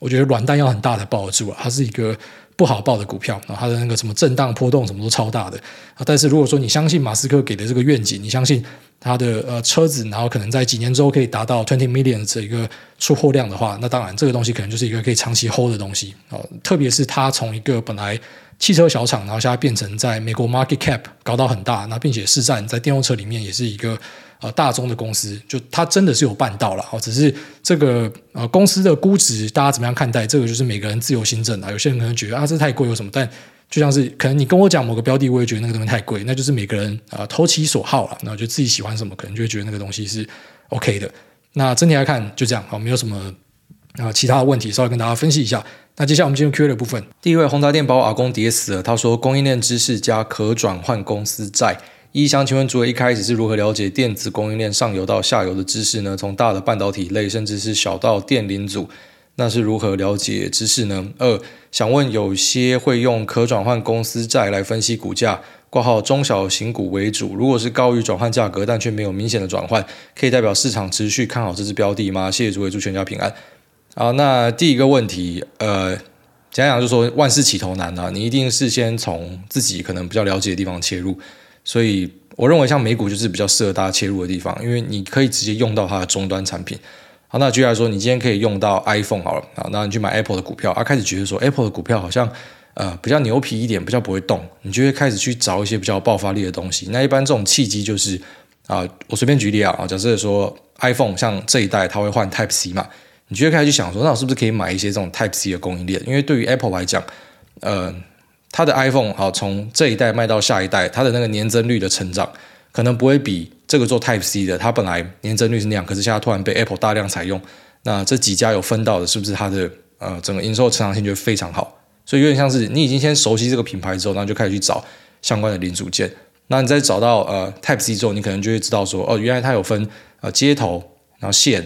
我覺得軟蛋要很大才抱得住啊，它是一個不好抱的股票，它的那個什麼震盪、波動什麼都超大的，但是如果說你相信馬斯克給的這個願景，你相信他的、呃、車子，然後可能在幾年之後可以達到 twenty million 這一個出貨量的話，那當然這個東西可能就是一個可以長期 hold 的東西、哦、特別是他從一個本來汽車小廠，然後現在變成在美國 market cap 搞到很大，那並且市占在電動車裡面也是一個。呃、啊，大中的公司，就它真的是有辦到了哦。只是這個呃，公司的估值，大家怎麼樣看待？這個就是每個人自由心證了、啊。有些人可能覺得啊，這太貴，有什麼？但就像是可能你跟我講某個標的，我也覺得那個東西太貴，那就是每個人啊投其所好了。那就自己喜歡什麼，可能就會覺得那個東西是 OK 的。那整體來看，就這樣，好、啊，沒有什麼啊其他的問題，稍微跟大家分析一下。那接下來我們進入 Q&A 的部分。第一位，宏達電把我阿公跌死了，他說供應鏈知識加可轉換公司債。一想，請問主委一開始是如何了解電子供應鏈上游到下游的知識呢？從大的半導體類，甚至是小到電零組，那是如何了解知識呢？二想問，有些會用可轉換公司債來分析股價，掛號中小型股為主。如果是高於轉換價格，但卻沒有明顯的轉換，可以代表市場持續看好這支標的嗎？謝謝主委，祝全家平安。啊，那第一個問題，呃，講講就是說萬事起頭難啊，你一定是先從自己可能比較了解的地方切入。所以我認為，像美股就是比較適合大家切入的地方，因為你可以直接用到它的終端產品。好，那舉例來說，你今天可以用到 iPhone 好了，好，那你去買 Apple 的股票，而、啊、開始覺得說 Apple 的股票好像呃比較牛皮一點，比較不會動，你就會開始去找一些比較爆發力的東西。那一般這種契機就是啊、呃，我隨便舉例啊，假設說 iPhone 像這一代它會換 Type C 嘛，你就會開始去想說，那我是不是可以買一些這種 Type C 的供應鏈？因為對於 Apple 來講，呃。它的 iPhone 好、哦，從這一代賣到下一代，它的那個年增率的成長，可能不會比這個做 Type C 的，它本來年增率是那樣，可是現在突然被 Apple 大量採用，那這幾家有分到的，是不是它的呃整個營收成長性就非常好？所以有點像是你已經先熟悉這個品牌之後，然後就開始去找相關的零組件，那你再找到呃 Type C 之後，你可能就會知道說，哦，原來它有分呃接頭，然後線，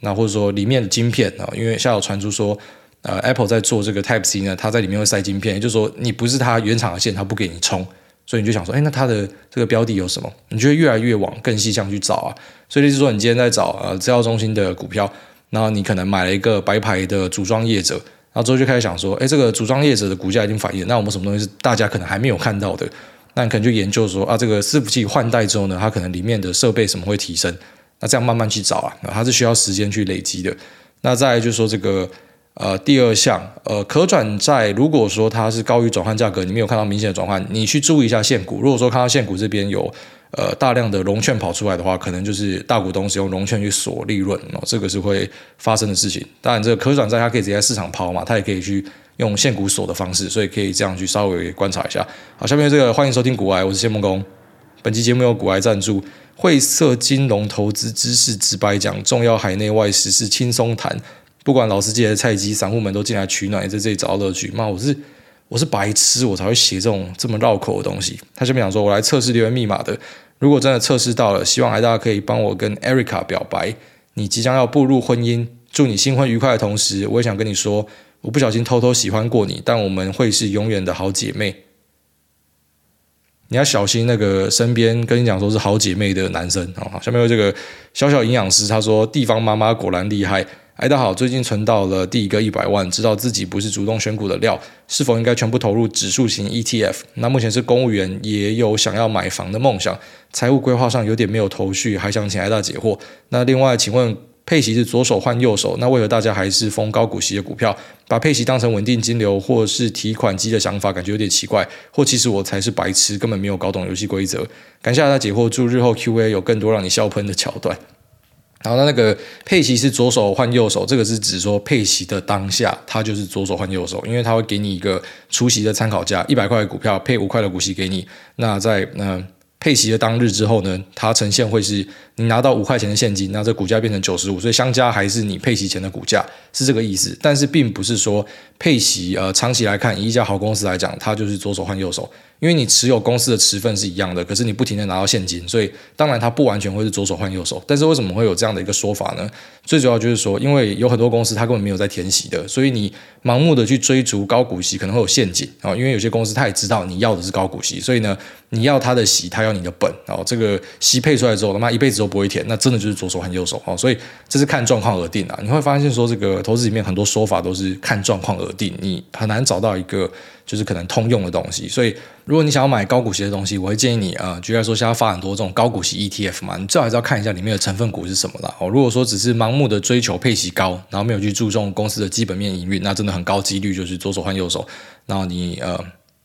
然後或者說裡面的晶片啊、呃，因為現在有傳出說。呃，Apple 在做這個 Type C 呢，它在裡面會塞芯片，也就是說你不是它原廠的線，它不給你充，所以你就想說，哎、欸，那它的這個標的有什麼？你就會越來越往更細項去找啊。所以就是說，你今天在找呃資料中心的股票，然後你可能買了一個白牌的組裝業者，然後之後就開始想說，哎、欸，這個組裝業者的股價已經反映，那我們什麼東西是大家可能還沒有看到的？那你可能就研究說啊，這個伺服器換代之後呢，它可能裡面的設備什麼會提升？那這樣慢慢去找啊，它是需要時間去累積的。那再來就是說這個。呃，第二項，呃，可轉債如果說它是高於轉換價格，你沒有看到明顯的轉換，你去注意一下現股。如果說看到現股這邊有呃大量的融券跑出來的話，可能就是大股東使用融券去鎖利潤，哦，這個是會發生的事情。當然，這個可轉債它可以直接在市場拋嘛，它也可以去用現股鎖的方式，所以可以這樣去稍微觀察一下。好，下面這個歡迎收聽股癌，我是謝孟恭。本期節目由股癌贊助，晦澀金融投資知識直白講，重要海內外時事輕鬆談。不管老司機還是菜雞，散戶們都進來取暖，也在這裡找到樂趣。媽，我是我是白痴，我才會寫這種這麼繞口的東西。他下面講說，我來測試留言密碼的，如果真的測試到了，希望大家可以幫我跟 Erica 表白。你即將要步入婚姻，祝你新婚愉快的同時，我也想跟你說，我不小心偷偷喜歡過你，但我們會是永遠的好姐妹。你要小心那個身邊跟你講說是好姐妹的男生。哦，下面有這個小小營養師，他說地方媽媽果然厲害。艾大好，最近存到了第一個一百萬，知道自己不是主動選股的料，是否應該全部投入指數型 ETF？那目前是公務員，也有想要買房的夢想，財務規劃上有點沒有頭緒，還想請艾大解惑。那另外，請問配息是左手換右手，那為何大家還是瘋高股息的股票，把配息當成穩定金流或是提款機的想法，感覺有點奇怪？或其實我才是白痴，根本沒有搞懂遊戲規則？感謝艾大解惑，祝日後 Q&A 有更多讓你笑噴的橋段。然後他那個配息是左手換右手，這個是指說配息的當下，它就是左手換右手，因為它會給你一個除息的參考價，一百塊的股票配五塊的股息給你。那在嗯、呃、配息的當日之後呢，它呈現會是你拿到五塊錢的現金，那這股價變成九十五，所以相加還是你配息前的股價，是這個意思。但是並不是說配息呃長期來看，以一家好公司來講，它就是左手換右手。因為你持有公司的持份是一樣的，可是你不停地拿到現金，所以當然它不完全會是左手換右手。但是為什麼會有這樣的一個說法呢？最主要就是說，因為有很多公司它根本沒有在填息的，所以你盲目的去追逐高股息可能會有陷阱啊、哦。因為有些公司他也知道你要的是高股息，所以呢，你要他的息，他要你的本啊、哦。這個息配出來之後，他媽一輩子都不會填，那真的就是左手換右手啊、哦。所以這是看狀況而定啊。你會發現說，這個投資裡面很多說法都是看狀況而定，你很難找到一個。就是可能通用的東西，所以如果你想要買高股息的東西，我會建議你，呃，舉例來說，現在發很多這種高股息 ETF 嘛，你最好還是要看一下裡面的成分股是什麼了。哦，如果說只是盲目的追求配息高，然後沒有去注重公司的基本面營運，那真的很高幾率就是左手換右手。然後你呃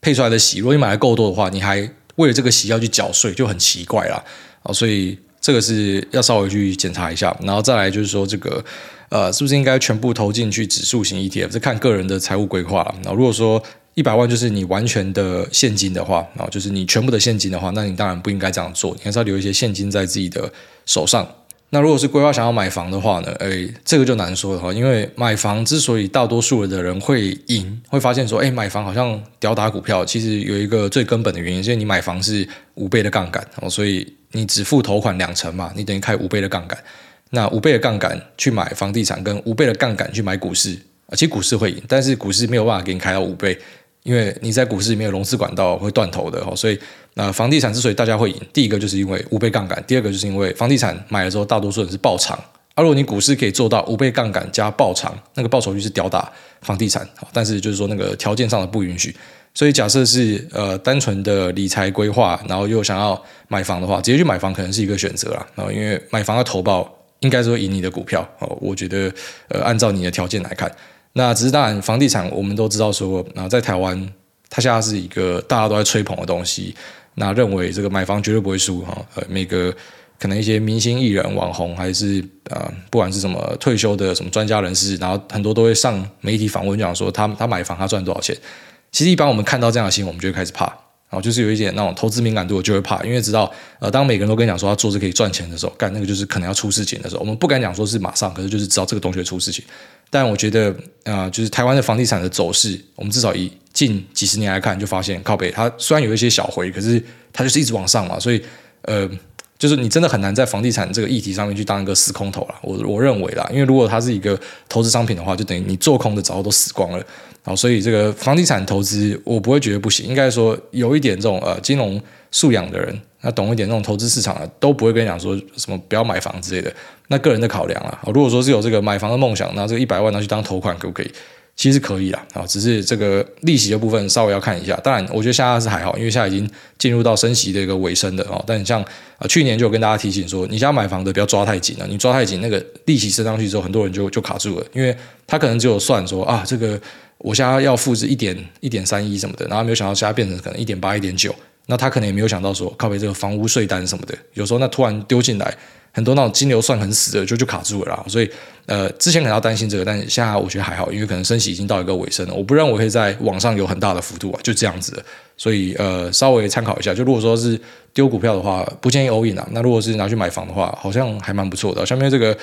配出來的息，如果你買的夠多的話，你還為了這個息要去繳稅，就很奇怪了。哦，所以這個是要稍微去檢查一下，然後再來就是說這個，呃，是不是應該全部投進去指數型 ETF？這看個人的財務規劃。那如果說一百萬就是你完全的現金的話，然後就是你全部的現金的話，那你當然不應該這樣做，你還是要留一些現金在自己的手上。那如果是規劃想要買房的話呢？哎、欸，這個就難說了哈，因為買房之所以大多數的人會贏，會發現說，誒、欸，買房好像屌打股票。其實有一個最根本的原因，就是你買房是五倍的槓桿，所以你只付頭款兩成嘛，你等於開五倍的槓桿。那五倍的槓桿去買房地產，跟五倍的槓桿去買股市，其實股市會贏，但是股市沒有辦法給你開到五倍。因為你在股市裡面有融資管道會斷頭，的所以，呃、房地產之所以大家會贏，第一個就是因為五倍槓桿，第二個就是因為房地產買了之後，大多數人是抱長。而，啊、如果你股市可以做到五倍槓桿加抱長，那個報酬就是屌打房地產。但是就是說那個條件上的不允許。所以假設是呃單純的理財規劃，然後又想要買房的話，直接去買房可能是一個選擇啦。然後因為買房要投報，應該是會贏你的股票。我覺得呃按照你的條件來看。那只是當然，房地產我們都知道說啊，那在台灣它現在是一個大家都在吹捧的東西。那認為這個買房絕對不會輸哈、呃，每個可能一些明星藝人、網紅，還是啊、呃，不管是什麼退休的什麼專家人士，然後很多都會上媒體訪問，就講說他他買房他賺多少錢。其實一般我們看到這樣的新聞，我們就會開始怕。然後就是有一點那種投資敏感度，我就會怕，因為知道，呃，當每個人都跟你講說他做這可以賺錢的時候，幹那個就是可能要出事情的時候，我們不敢講說是馬上，可是就是知道這個東西會出事情。但我覺得，呃，就是台灣的房地產的走勢，我們至少以近幾十年來看，就發現靠北，它雖然有一些小回，可是它就是一直往上嘛，所以，呃。就是你真的很難在房地產這個議題上面去當一個死空頭啦，我我認為啦，因為如果它是一個投資商品的話，就等於你做空的早都死光了，然後所以這個房地產投資，我不會覺得不行，應該說有一點這種呃金融素養的人，那、啊、懂一點這種投資市場的、啊，都不會跟你講說什麼不要買房之類的，那個人的考量啊，如果說是有這個買房的夢想，那這個一百萬拿去當頭款可不可以？其實可以了啊，只是這個利息的部分稍微要看一下。當然，我覺得現在是還好，因為現在已經進入到升息的一個尾聲的哦。但你像啊，去年就有跟大家提醒說，你家買房的不要抓太緊了，你抓太緊，那個利息升上去之後，很多人就就卡住了，因為他可能只有算說啊，這個我現在要付制一點一點三一什麼的，然後沒有想到現在變成可能一點八一點九。那他可能也沒有想到說，靠北這個房屋稅單什麼的，有時候那突然丟進來，很多那種金流算很死的，就就卡住了啦。所以，呃，之前可能要擔心這個，但是現在我覺得還好，因為可能升息已經到一個尾聲了。我不認為我可以在網上有很大的幅度啊，就這樣子。所以，呃，稍微參考一下。就如果說是丟股票的話，不建議歐印啊。那如果是拿去買房的話，好像還蠻不錯的。下面這個。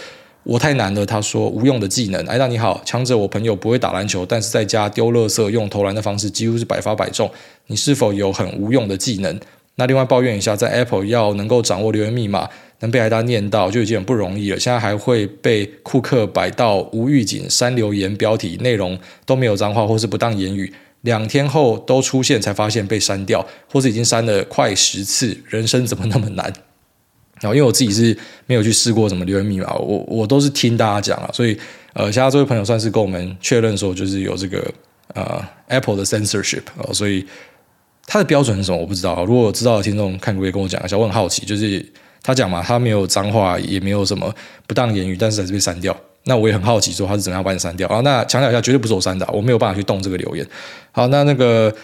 我太難了，他說無用的技能。艾達你好，強者我朋友不會打籃球，但是在家丟垃圾，用投籃的方式幾乎是百發百中。你是否有很無用的技能？那另外抱怨一下，在 Apple 要能夠掌握留言密碼，能被艾達念到就已經很不容易了。現在還會被庫克擺到無預警刪留言，標題內容都沒有髒話或是不當言語，兩天後都出現才發現被刪掉，或是已經刪了快十次，人生怎麼那麼難？然後，因為我自己是沒有去試過什麼留言密碼，我我都是聽大家講了，所以呃，其他這位朋友算是跟我們確認說，就是有這個呃 Apple 的 censorship，呃，所以它的標準是什麼我不知道。如果知道的聽眾看可不可以跟我講一下，我很好奇，就是他講嘛，他沒有髒話，也沒有什麼不當言語，但是還是被刪掉。那我也很好奇，說他是怎麼樣把你刪掉啊？然後那強調一下，絕對不是我刪的，我沒有辦法去動這個留言。好，那那個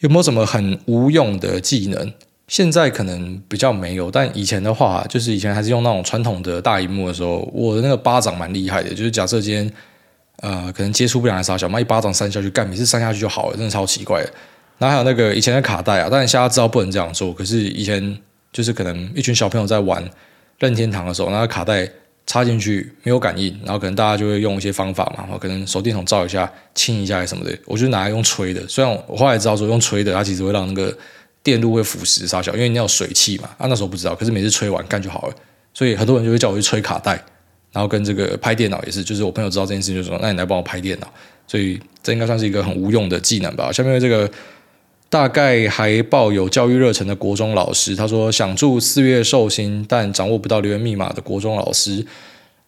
有沒有什麼很無用的技能？現在可能比較沒有，但以前的話，就是以前還是用那種傳統的大螢幕的時候，我的那個巴掌蠻厲害的。就是假設今天，呃，可能接觸不良的小小貓一巴掌扇下去幹，每次扇下去就好了，真的超奇怪的。然後還有那個以前的卡帶啊，當然現在知道不能這樣做，可是以前就是可能一群小朋友在玩任天堂的時候，那個卡帶插進去沒有感應，然後可能大家就會用一些方法嘛，或可能手電筒照一下、親一下什麼的。我就拿來用吹的，雖然我後來知道說用吹的，它其實會讓那個。電路會腐蝕沙小，因為你要水汽嘛啊，那時候不知道，可是每次吹完乾就好了，所以很多人就會叫我去吹卡帶，然後跟這個拍電腦也是，就是我朋友知道這件事就，就說那你來幫我拍電腦，所以這應該算是一個很無用的技能吧。下面這個大概還抱有教育熱忱的國中老師，他說想祝四月壽星，但掌握不到留言密碼的國中老師，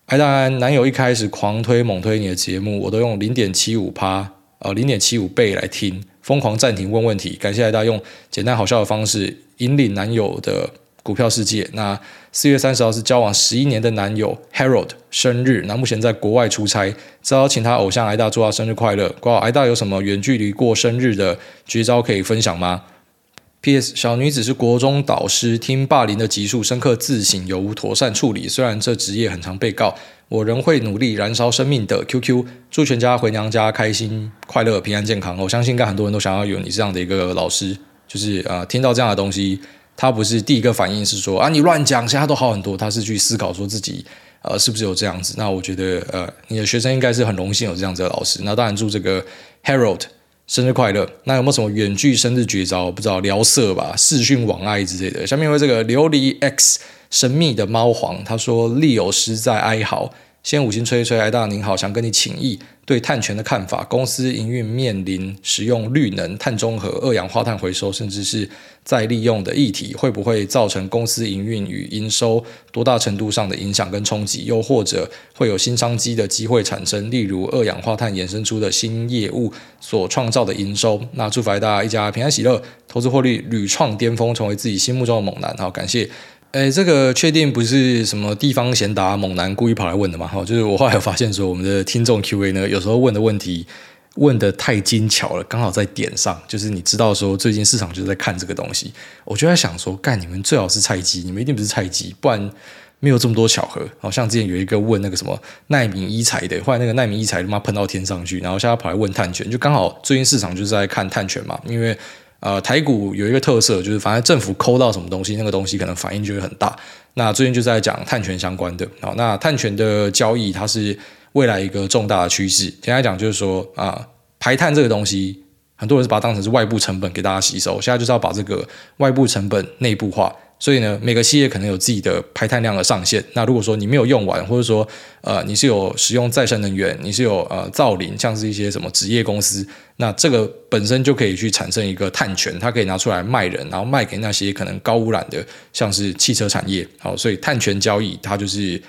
哎，當然男友一開始狂推猛推你的節目，我都用零點七五趴啊，零點七五倍來聽。瘋狂暫停問問題，感謝癌大用簡單好笑的方式引領男友的股票世界。那四月三十號是交往十一年的男友 Harold 生日，那目前在國外出差，只好請他偶像癌大祝他生日快樂。乖，癌大有什麼遠距離過生日的絕招可以分享嗎？P.S. 小女子是國中導師，聽霸凌的集數深刻自省，有無妥善處理？雖然這職業很常被告。我仍會努力燃燒生命的 QQ，祝全家回娘家開心、嗯、快樂平安健康。我相信應該很多人都想要有你這樣的一個老師，就是啊、呃，聽到這樣的東西，他不是第一個反應是說啊你亂講，現在他都好很多，他是去思考說自己呃是不是有這樣子。那我覺得呃你的學生應該是很榮幸有這樣子的老師。那當然祝這個 Harold 生日快樂。那有沒有什麼遠距生日絕招？不知道聊色吧，視訊網愛之類的。下面為這個琉璃 X。神秘的貓皇，他說：“利有失在哀嚎。”先五星吹一吹，艾大您好，想跟你請益對碳權的看法。公司營運面臨使用綠能、碳中和、二氧化碳回收，甚至是再利用的議題，會不會造成公司營運與營收多大程度上的影響跟衝擊？又或者會有新商機的機會產生？例如二氧化碳衍生出的新業務所創造的營收。那祝艾大一家平安喜樂，投資獲利屢創巔峰，成為自己心目中的猛男。好，感謝。哎、欸，這個確定不是什麼地方賢達猛男故意跑來問的嘛？就是我後來發現說，我們的聽眾 Q A 呢，有時候問的問題問得太精巧了，剛好在點上。就是你知道說，最近市場就是在看這個東西，我就在想說，幹你們最好是菜雞，你們一定不是菜雞，不然沒有這麼多巧合。好像之前有一個問那個什麼奈米醫材的，後來那個奈米醫材他媽噴到天上去，然後現在跑來問碳權，就剛好最近市場就是在看碳權嘛，因為。呃，台股有一個特色，就是反正政府摳到什麼東西，那個東西可能反應就會很大。那最近就在講碳權相關的，哦，那碳權的交易它是未來一個重大的趨勢。現在講就是說啊，排碳這個東西，很多人是把它當成是外部成本給大家吸收，現在就是要把這個外部成本內部化。所以呢，每個企業可能有自己的排碳量的上限。那如果說你沒有用完，或者說呃你是有使用再生能源，你是有呃造林，像是一些什麼職業公司，那這個本身就可以去產生一個碳權，它可以拿出來賣人，然後賣給那些可能高污染的，像是汽車產業。好，哦，所以碳權交易它就是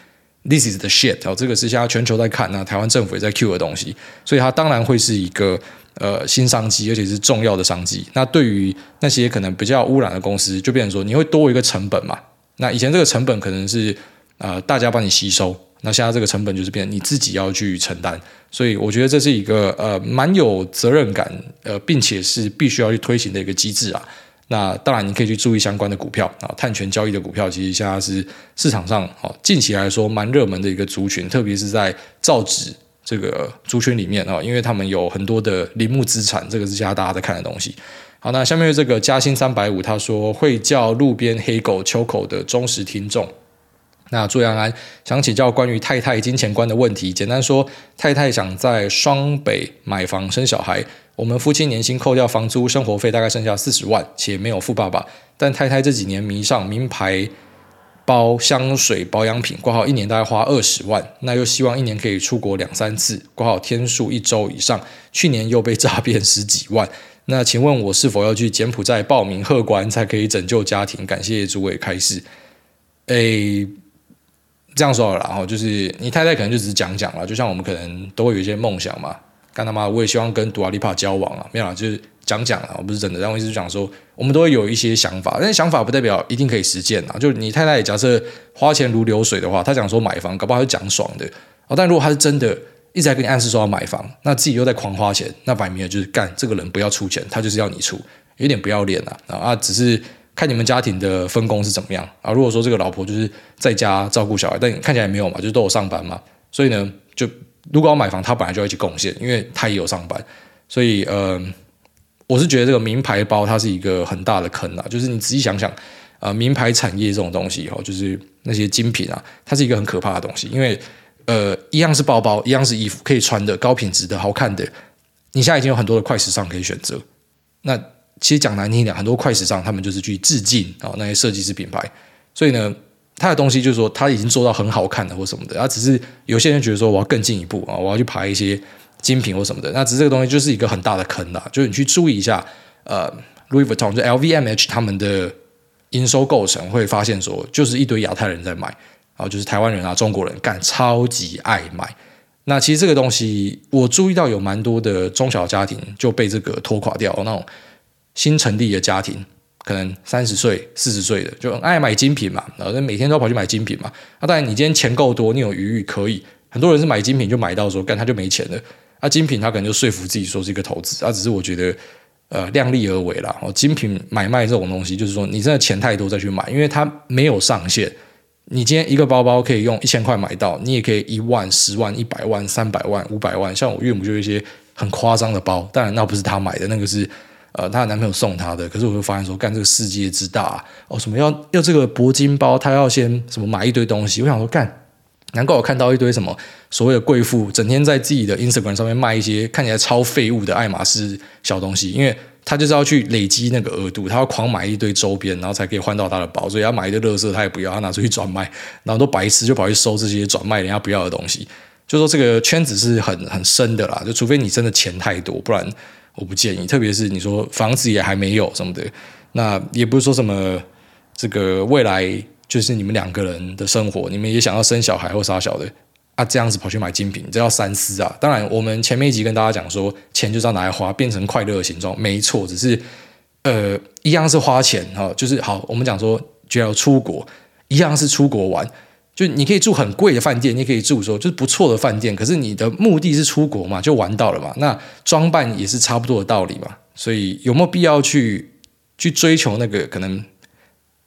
This is the shit，哦，這個是現在全球在看，那台灣政府也在 cue 的東西，所以它當然會是一個。呃，新商機，而且是重要的商機。那對於那些可能比較污染的公司，就變成說你會多一個成本嘛，那以前這個成本可能是呃，大家幫你吸收，那現在這個成本就是變成你自己要去承擔。所以我覺得這是一個呃蠻有責任感呃，並且是必須要去推行的一個機制啊。那當然你可以去注意相關的股票啊，碳權交易的股票，其實現在是市場上哦近期來說蠻熱門的一個族群，特別是在造紙。這個族群裡面啊，因為他們有很多的林木資產，這個是現在大家在看的東西。好，那下面有這個嘉興三百五，他說會叫路邊黑狗秋口的忠實聽眾。那主委安安，想請教關於太太金錢觀的問題。簡單說，太太想在雙北買房生小孩，我們夫妻年薪扣掉房租生活費，大概剩下四十萬，且沒有富爸爸，但太太這幾年迷上名牌。包香水保養品掛號一年大概花二十萬，那又希望一年可以出國兩三次，掛號天數一周以上。去年又被詐騙十幾萬，那請問我是否要去柬埔寨報名賀官才可以拯救家庭？感謝主委開示。誒，這樣說了啦，就是你太太可能就只是講講了，就像我們可能都會有一些夢想嘛。幹他媽，我也希望跟杜阿麗帕交往啊，沒有啦，就是。講講啊，我不是真的，但我意思是講說，我們都會有一些想法，但是想法不代表一定可以實踐吶，啊。就你太太假設花錢如流水的話，他講說買房，搞不好是講爽的哦。但如果他是真的一直在跟你暗示說要買房，那自己又在狂花錢，那擺明了就是幹這個人不要出錢，他就是要你出，有點不要臉了啊，啊。只是看你們家庭的分工是怎麼樣啊。如果說這個老婆就是在家照顧小孩，但看起來沒有嘛，就是都有上班嘛。所以呢，就如果要買房，他本來就要一起貢獻，因為他也有上班，所以嗯。呃我是覺得這個名牌包它是一個很大的坑啊，就是你仔細想想，呃，名牌產業這種東西、哦、就是那些精品啊，它是一個很可怕的東西，因為呃，一樣是包包，一樣是衣服，可以穿的、高品質的、好看的，你現在已經有很多的快時尚可以選擇。那其實講難聽點，很多快時尚他們就是去致敬啊、哦、那些設計師品牌，所以呢，他的東西就是說他已經做到很好看的或什麼的，他、啊、只是有些人覺得說我要更進一步啊、哦，我要去排一些。精品或什麼的，那其實這個東西就是一個很大的坑啊，就是你去注意一下，呃，Louis Vuitton 就 LVMH 他們的營收構成，會發現說，就是一堆亞太人在買，然後就是台灣人啊、中國人幹超級愛買。那其實這個東西，我注意到有蠻多的中小的家庭就被這個拖垮掉。那種新成立的家庭，可能三十歲、四十歲的就愛買精品嘛，然後每天都跑去買精品嘛。那當然，你今天錢夠多，你有餘裕可以。很多人是買精品就買到的時候，幹他就沒錢了。啊，精品他可能就說服自己說是一個投資，啊、只是我覺得呃量力而為啦。哦，精品買賣這種東西，就是說你真的錢太多再去買，因為它沒有上限。你今天一個包包可以用一千塊買到，你也可以一萬、十萬、一百萬、三百萬、五百萬。像我岳母就有一些很誇張的包，當然那不是她買的，那個是呃她的男朋友送她的。可是我就發現說，幹這個世界之大啊，哦，什麼要要這個鉑金包，她要先什麼買一堆東西。我想說，幹。難怪我看到一堆什麼所謂的貴婦，整天在自己的 Instagram 上面賣一些看起來超廢物的愛馬仕小東西，因為他就是要去累積那個額度，他要狂買一堆周邊，然後才可以換到他的包。所以要買一堆垃圾，他也不要，他拿出去轉賣，然後都白痴就跑去收這些轉賣人家不要的東西。就說這個圈子是很很深的啦，就除非你真的錢太多，不然我不建議。特別是你說房子也還沒有什麼的，那也不是說什麼這個未來。就是你們兩個人的生活，你們也想要生小孩或啥小的啊，這樣子跑去買精品，這要三思啊！當然，我們前面一集跟大家講說，錢就是要拿來花，變成快樂的形狀，沒錯。只是呃，一樣是花錢哈、哦，就是好。我們講說，就要出國，一樣是出國玩，就你可以住很貴的飯店，你可以住說就是不錯的飯店，可是你的目的是出國嘛，就玩到了嘛。那裝扮也是差不多的道理嘛。所以有沒有必要去去追求那個可能，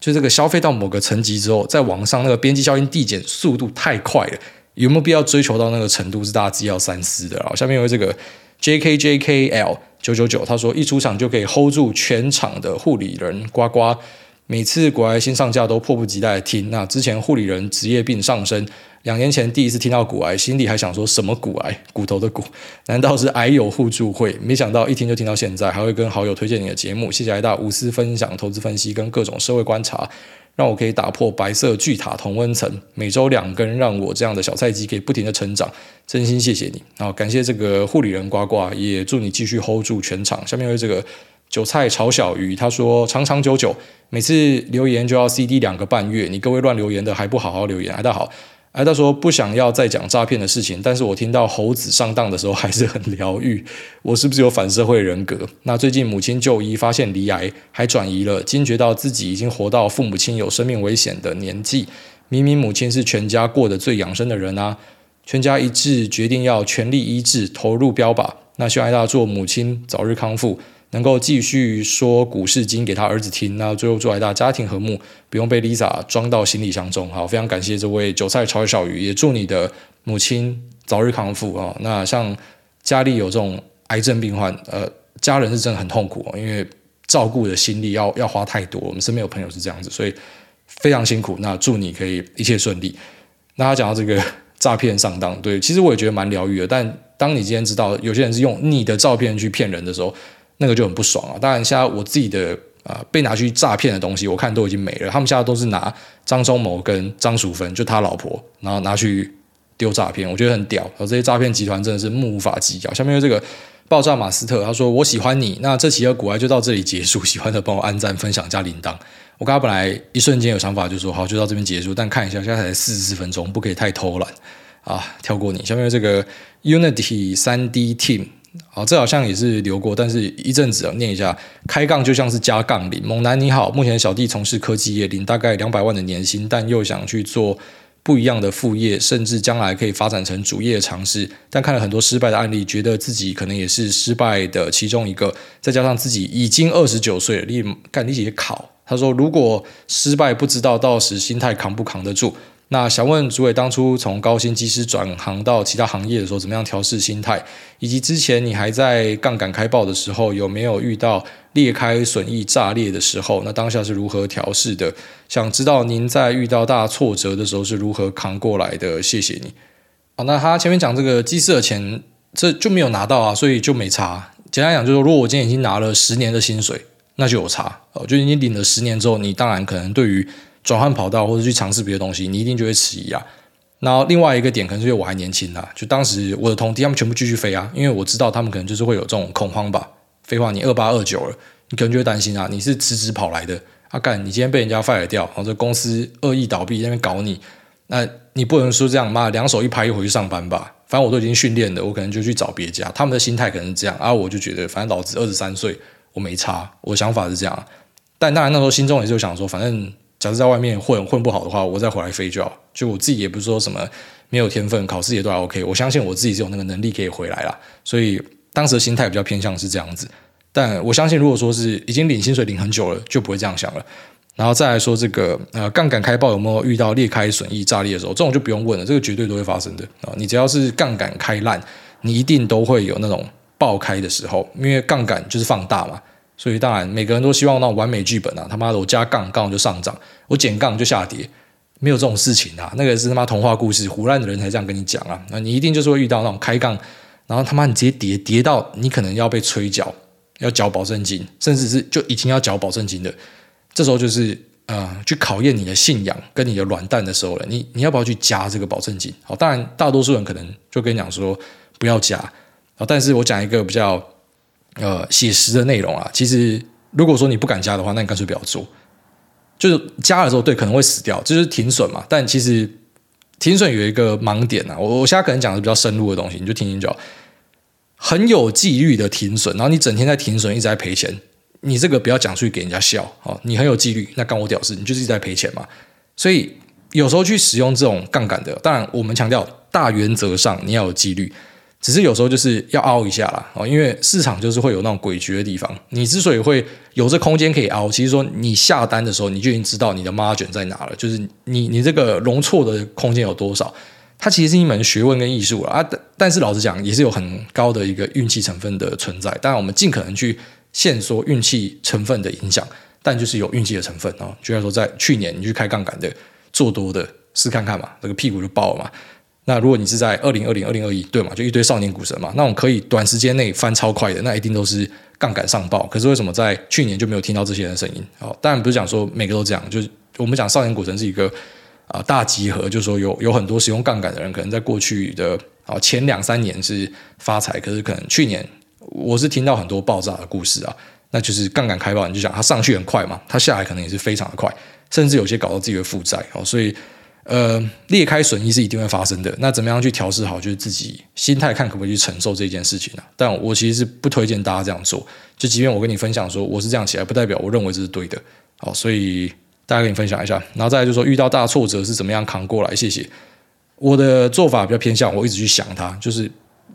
就這個消費到某個層級之後，再往上那個邊際效應遞減速度太快了，有沒有必要追求到那個程度，是大家自己要三思的。然後下面有這個 J K J K L 九九九，他說一出場就可以 hold 住全場的護理人，呱呱。每次股癌新上架都迫不及待聽。那之前護理人職業病上升，兩年前第一次聽到股癌，心裡還想說什麼骨癌，骨頭的骨，難道是癌友互助會？沒想到一聽就聽到現在，還會跟好友推薦你的節目。謝謝癌大無私分享投資分析跟各種社會觀察，讓我可以打破白色巨塔同溫層。每周兩更，讓我這樣的小菜雞可以不停的成長。真心謝謝你啊！然後感謝這個護理人呱呱，也祝你繼續 hold 住全場。下面為這個。韭菜炒小魚，他說長長久久，每次留言就要 CD 兩個半月。你各位亂留言的還不好好留言。癌大好，癌大說不想要再講詐騙的事情，但是我聽到猴子上當的時候還是很療癒。我是不是有反社會人格？那最近母親就醫發現罹癌，還轉移了，驚覺到自己已經活到父母親有生命危險的年紀。明明母親是全家過得最養生的人啊，全家一致決定要全力醫治，投入標靶。那希望癌大做母親早日康復。能夠繼續說股市經給他兒子聽，那最後祝大家家庭和睦，不用被 Lisa 裝到行李箱中。好，非常感謝這位韭菜炒小魚，也祝你的母親早日康復，哦，那像家裡有這種癌症病患，呃，家人是真的很痛苦，因為照顧的心力要要花太多。我們身邊有朋友是這樣子，所以非常辛苦。那祝你可以一切順利。那他講到這個詐騙上當，對，其實我也覺得蠻療癒的。但當你今天知道有些人是用你的照片去騙人的時候，那個就很不爽啊！當然，現在我自己的啊、呃，被拿去詐騙的東西，我看都已經沒了。他們現在都是拿張忠謀跟張淑芬，就他老婆，然後拿去丟詐騙，我覺得很屌。然、哦、後這些詐騙集團真的是目無法紀啊！下面有這個爆炸馬斯特，他說我喜歡你。那這期的股癌就到這裡結束，喜歡的幫我按讚、分享、加鈴鐺。我剛剛本來一瞬間有想法，就說好就到這邊結束，但看一下現在才四十四分鐘，不可以太偷懶啊！跳過你。下面有這個 Unity 3D Team。好，這好像也是留過，但是一陣子、啊、念一下，開槓就像是加槓鈴。猛男你好，目前小弟從事科技業，領大概兩百萬的年薪，但又想去做不一樣的副業，甚至將來可以發展成主業的嘗試。但看了很多失敗的案例，覺得自己可能也是失敗的其中一個。再加上自己已經二十九歲了，你幹你姐也考。他說，如果失敗，不知道到時心態扛不扛得住。那想問主委，當初從高薪技師轉行到其他行業的時候，怎麼樣調試心態？以及之前你還在槓桿開爆的時候，有沒有遇到裂開損益炸裂的時候？那當下是如何調試的？想知道您在遇到大挫折的時候是如何扛過來的？謝謝你。好，哦，那他前面講這個技師的錢，這就沒有拿到啊，所以就沒差。簡單講，就是說，如果我今天已經拿了十年的薪水，那就有差。哦，就已你領了十年之後，你當然可能對於。轉換跑道或者去嘗試別的東西，你一定就會遲疑啊。然後另外一個點可能是因為我還年輕啊，就當時我的同梯他們全部繼續飛啊，因為我知道他們可能就是會有這種恐慌吧。廢話，你二八二九了，你可能就會擔心啊。你是辭職跑來的啊？幹，你今天被人家 fire 掉，然後這公司惡意倒閉，在那邊搞你，那你不能說這樣嘛？兩手一拍又回去上班吧？反正我都已經訓練了，我可能就去找別家。他們的心態可能是這樣，啊，我就覺得反正老子二十三歲，我沒差。我想法是這樣，但當然那時候心中也是有想說，反正。假設在外面混混不好的話，我再回來飛就好，就我自己也不是說什麼沒有天分，考試也都還 OK，我相信我自己是有那個能力可以回來了。所以當時的心態比較偏向是這樣子，但我相信如果說是已經領薪水領很久了，就不會這樣想了。然後再來說這個呃槓桿開爆，有沒有遇到裂開損益炸裂的時候，這種就不用問了，這個絕對都會發生的。你只要是槓桿開爛，你一定都會有那種爆開的時候，因為槓桿就是放大嘛。所以，當然，每個人都希望那種完美劇本啊！他媽的我，我加槓槓就上漲，我減槓就下跌，沒有這種事情啊！那個是他媽童話故事，胡亂的人才這樣跟你講啊！那你一定就是會遇到那種開槓，然後他媽你直接跌跌到你可能要被催繳，要繳保證金，甚至是就已經要繳保證金的。這時候就是呃，去考驗你的信仰跟你的軟蛋的時候了。你你要不要去加這個保證金？好，當然，大多數人可能就跟你講說不要加。但是我講一個比較。呃，寫實的內容啊，其實如果說你不敢加的話，那你乾脆不要做，就是加的時候，對，可能會死掉，就是停損嘛。但其實停損有一個盲點啊，我，我現在可能講的比較深入的東西，你就聽清楚。很有紀律的停損，然後你整天在停損，一直在賠錢，你這個不要講出去給人家笑，哦，你很有紀律，那干我屌事？你就是一直在賠錢嘛。所以有時候去使用這種槓桿的，當然我們強調大原則上你要有紀律。只是有時候就是要凹一下啦，哦，因為市場就是會有那種詭譎的地方。你之所以會有這空間可以凹，其實說你下單的時候，你就已經知道你的 margin 在哪了，就是你你這個容錯的空間有多少。它其實是一門學問跟藝術了啊，但但是老實講，也是有很高的一個運氣成分的存在。當然，我們盡可能去限縮運氣成分的影響，但就是有運氣的成分哦、喔。就像說在去年你去開槓桿的做多的試看看嘛，這個屁股就爆了嘛。那如果你是在二零二零二零二一，對嘛？就一堆少年股神嘛，那我們可以短時間內翻超快的，那一定都是槓桿上爆。可是為什麼在去年就沒有聽到這些人的聲音？哦，當然不是講說每個都這樣，就是我們講少年股神是一個啊、呃、大集合，就是說有有很多使用槓桿的人，可能在過去的啊、哦、前兩三年是發財，可是可能去年我是聽到很多爆炸的故事啊，那就是槓桿開爆，你就講他上去很快嘛，他下來可能也是非常的快，甚至有些搞到自己的負債哦，所以。呃，裂開損益是一定會發生的。那怎麼樣去調適好，就是自己心態看可不可以去承受這件事情呢、啊？但我其實是不推薦大家這樣做。就即便我跟你分享說我是這樣起來，不代表我認為這是對的。好，所以大家跟你分享一下。然後再來就是說，遇到大挫折是怎麼樣扛過來？謝謝。我的做法比較偏向，我一直去想它。就是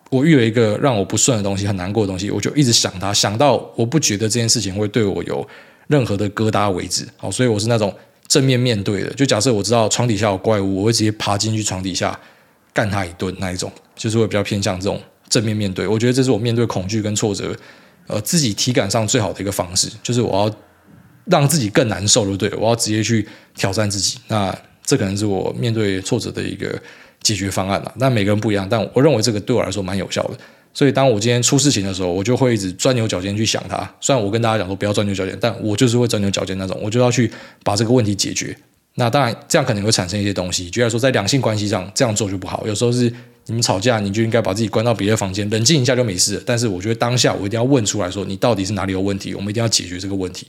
我遇了一個讓我不順的東西，很難過的東西，我就一直想它，想到我不覺得這件事情會對我有任何的疙瘩為止。好，所以我是那種。正面面對的，就假設我知道床底下有怪物，我會直接爬進去床底下幹他一頓那一種，就是會比較偏向這種正面面對。我覺得這是我面對恐懼跟挫折，呃，自己體感上最好的一個方式，就是我要讓自己更難受，對不對？我要直接去挑戰自己，那這可能是我面對挫折的一個解決方案了。但每個人不一樣，但我認為這個對我來說蠻有效的。所以，當我今天出事情的時候，我就會一直鑽牛角尖去想它。雖然我跟大家講說不要鑽牛角尖，但我就是會鑽牛角尖那種。我就要去把這個問題解決。那當然，這樣可能會產生一些東西。就如說，在兩性關係上這樣做就不好。有時候是你們吵架，你就應該把自己關到別的房間，冷靜一下就沒事了。但是，我覺得當下我一定要問出來說，你到底是哪裡有問題，我們一定要解決這個問題。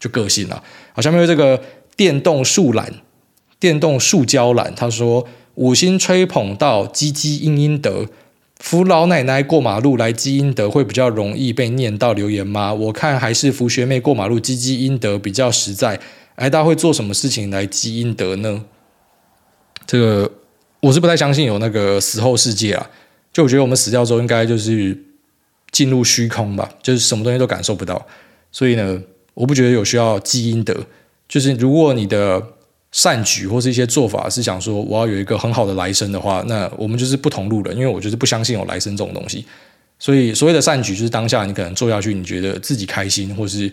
就個性了、啊。好，下面有這個電動樹懶，電動塑膠懶，他說五星吹捧到唧唧嚶嚶的。」扶老奶奶過馬路來積陰德會比較容易被念到留言嗎？我看還是扶學妹過馬路積積陰德比較實在。哎，大家會做什麼事情來積陰德呢？這個我是不太相信有那個死後世界啊。就我覺得我們死掉之後應該就是進入虛空吧，就是什麼東西都感受不到。所以呢，我不覺得有需要積陰德。就是如果你的善舉或是一些做法，是想說我要有一個很好的來生的話，那我們就是不同路人，因為我就是不相信有來生這種東西。所以所謂的善舉，就是當下你可能做下去，你覺得自己開心，或是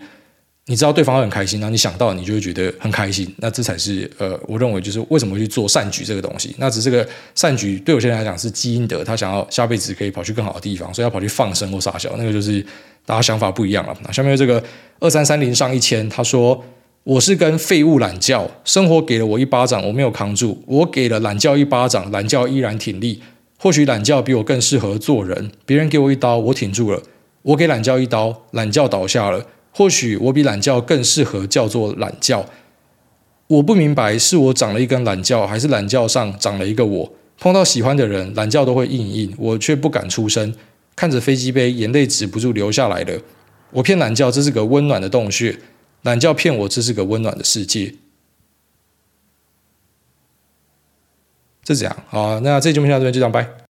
你知道對方很開心，那你想到你就會覺得很開心。那這才是呃，我認為就是為什麼去做善舉這個東西。那只是個善舉，對有些人來講是積陰德。他想要下輩子可以跑去更好的地方，所以要跑去放生或殺小，那個就是大家想法不一樣了。那下面這個二三三零上一千，他說。我是根廢物懶覺，生活給了我一巴掌，我沒有扛住，我給了懶覺一巴掌，懶覺依然挺立。或許懶覺比我更適合做人。別人給我一刀，我挺住了，我給懶覺一刀，懶覺倒下了。或許我比懶覺更適合叫做懶覺。我不明白，是我長了一根懶覺，還是懶覺上長了一個我？碰到喜歡的人，懶覺都會硬硬，我卻不敢出聲。看着飛機杯，眼淚止不住流下來了。我騙懶覺，這是個溫暖的洞穴。懶覺騙我，這是個溫暖的世界。是啊、這就，這就這樣，好，那這節目就到這邊就這樣，掰。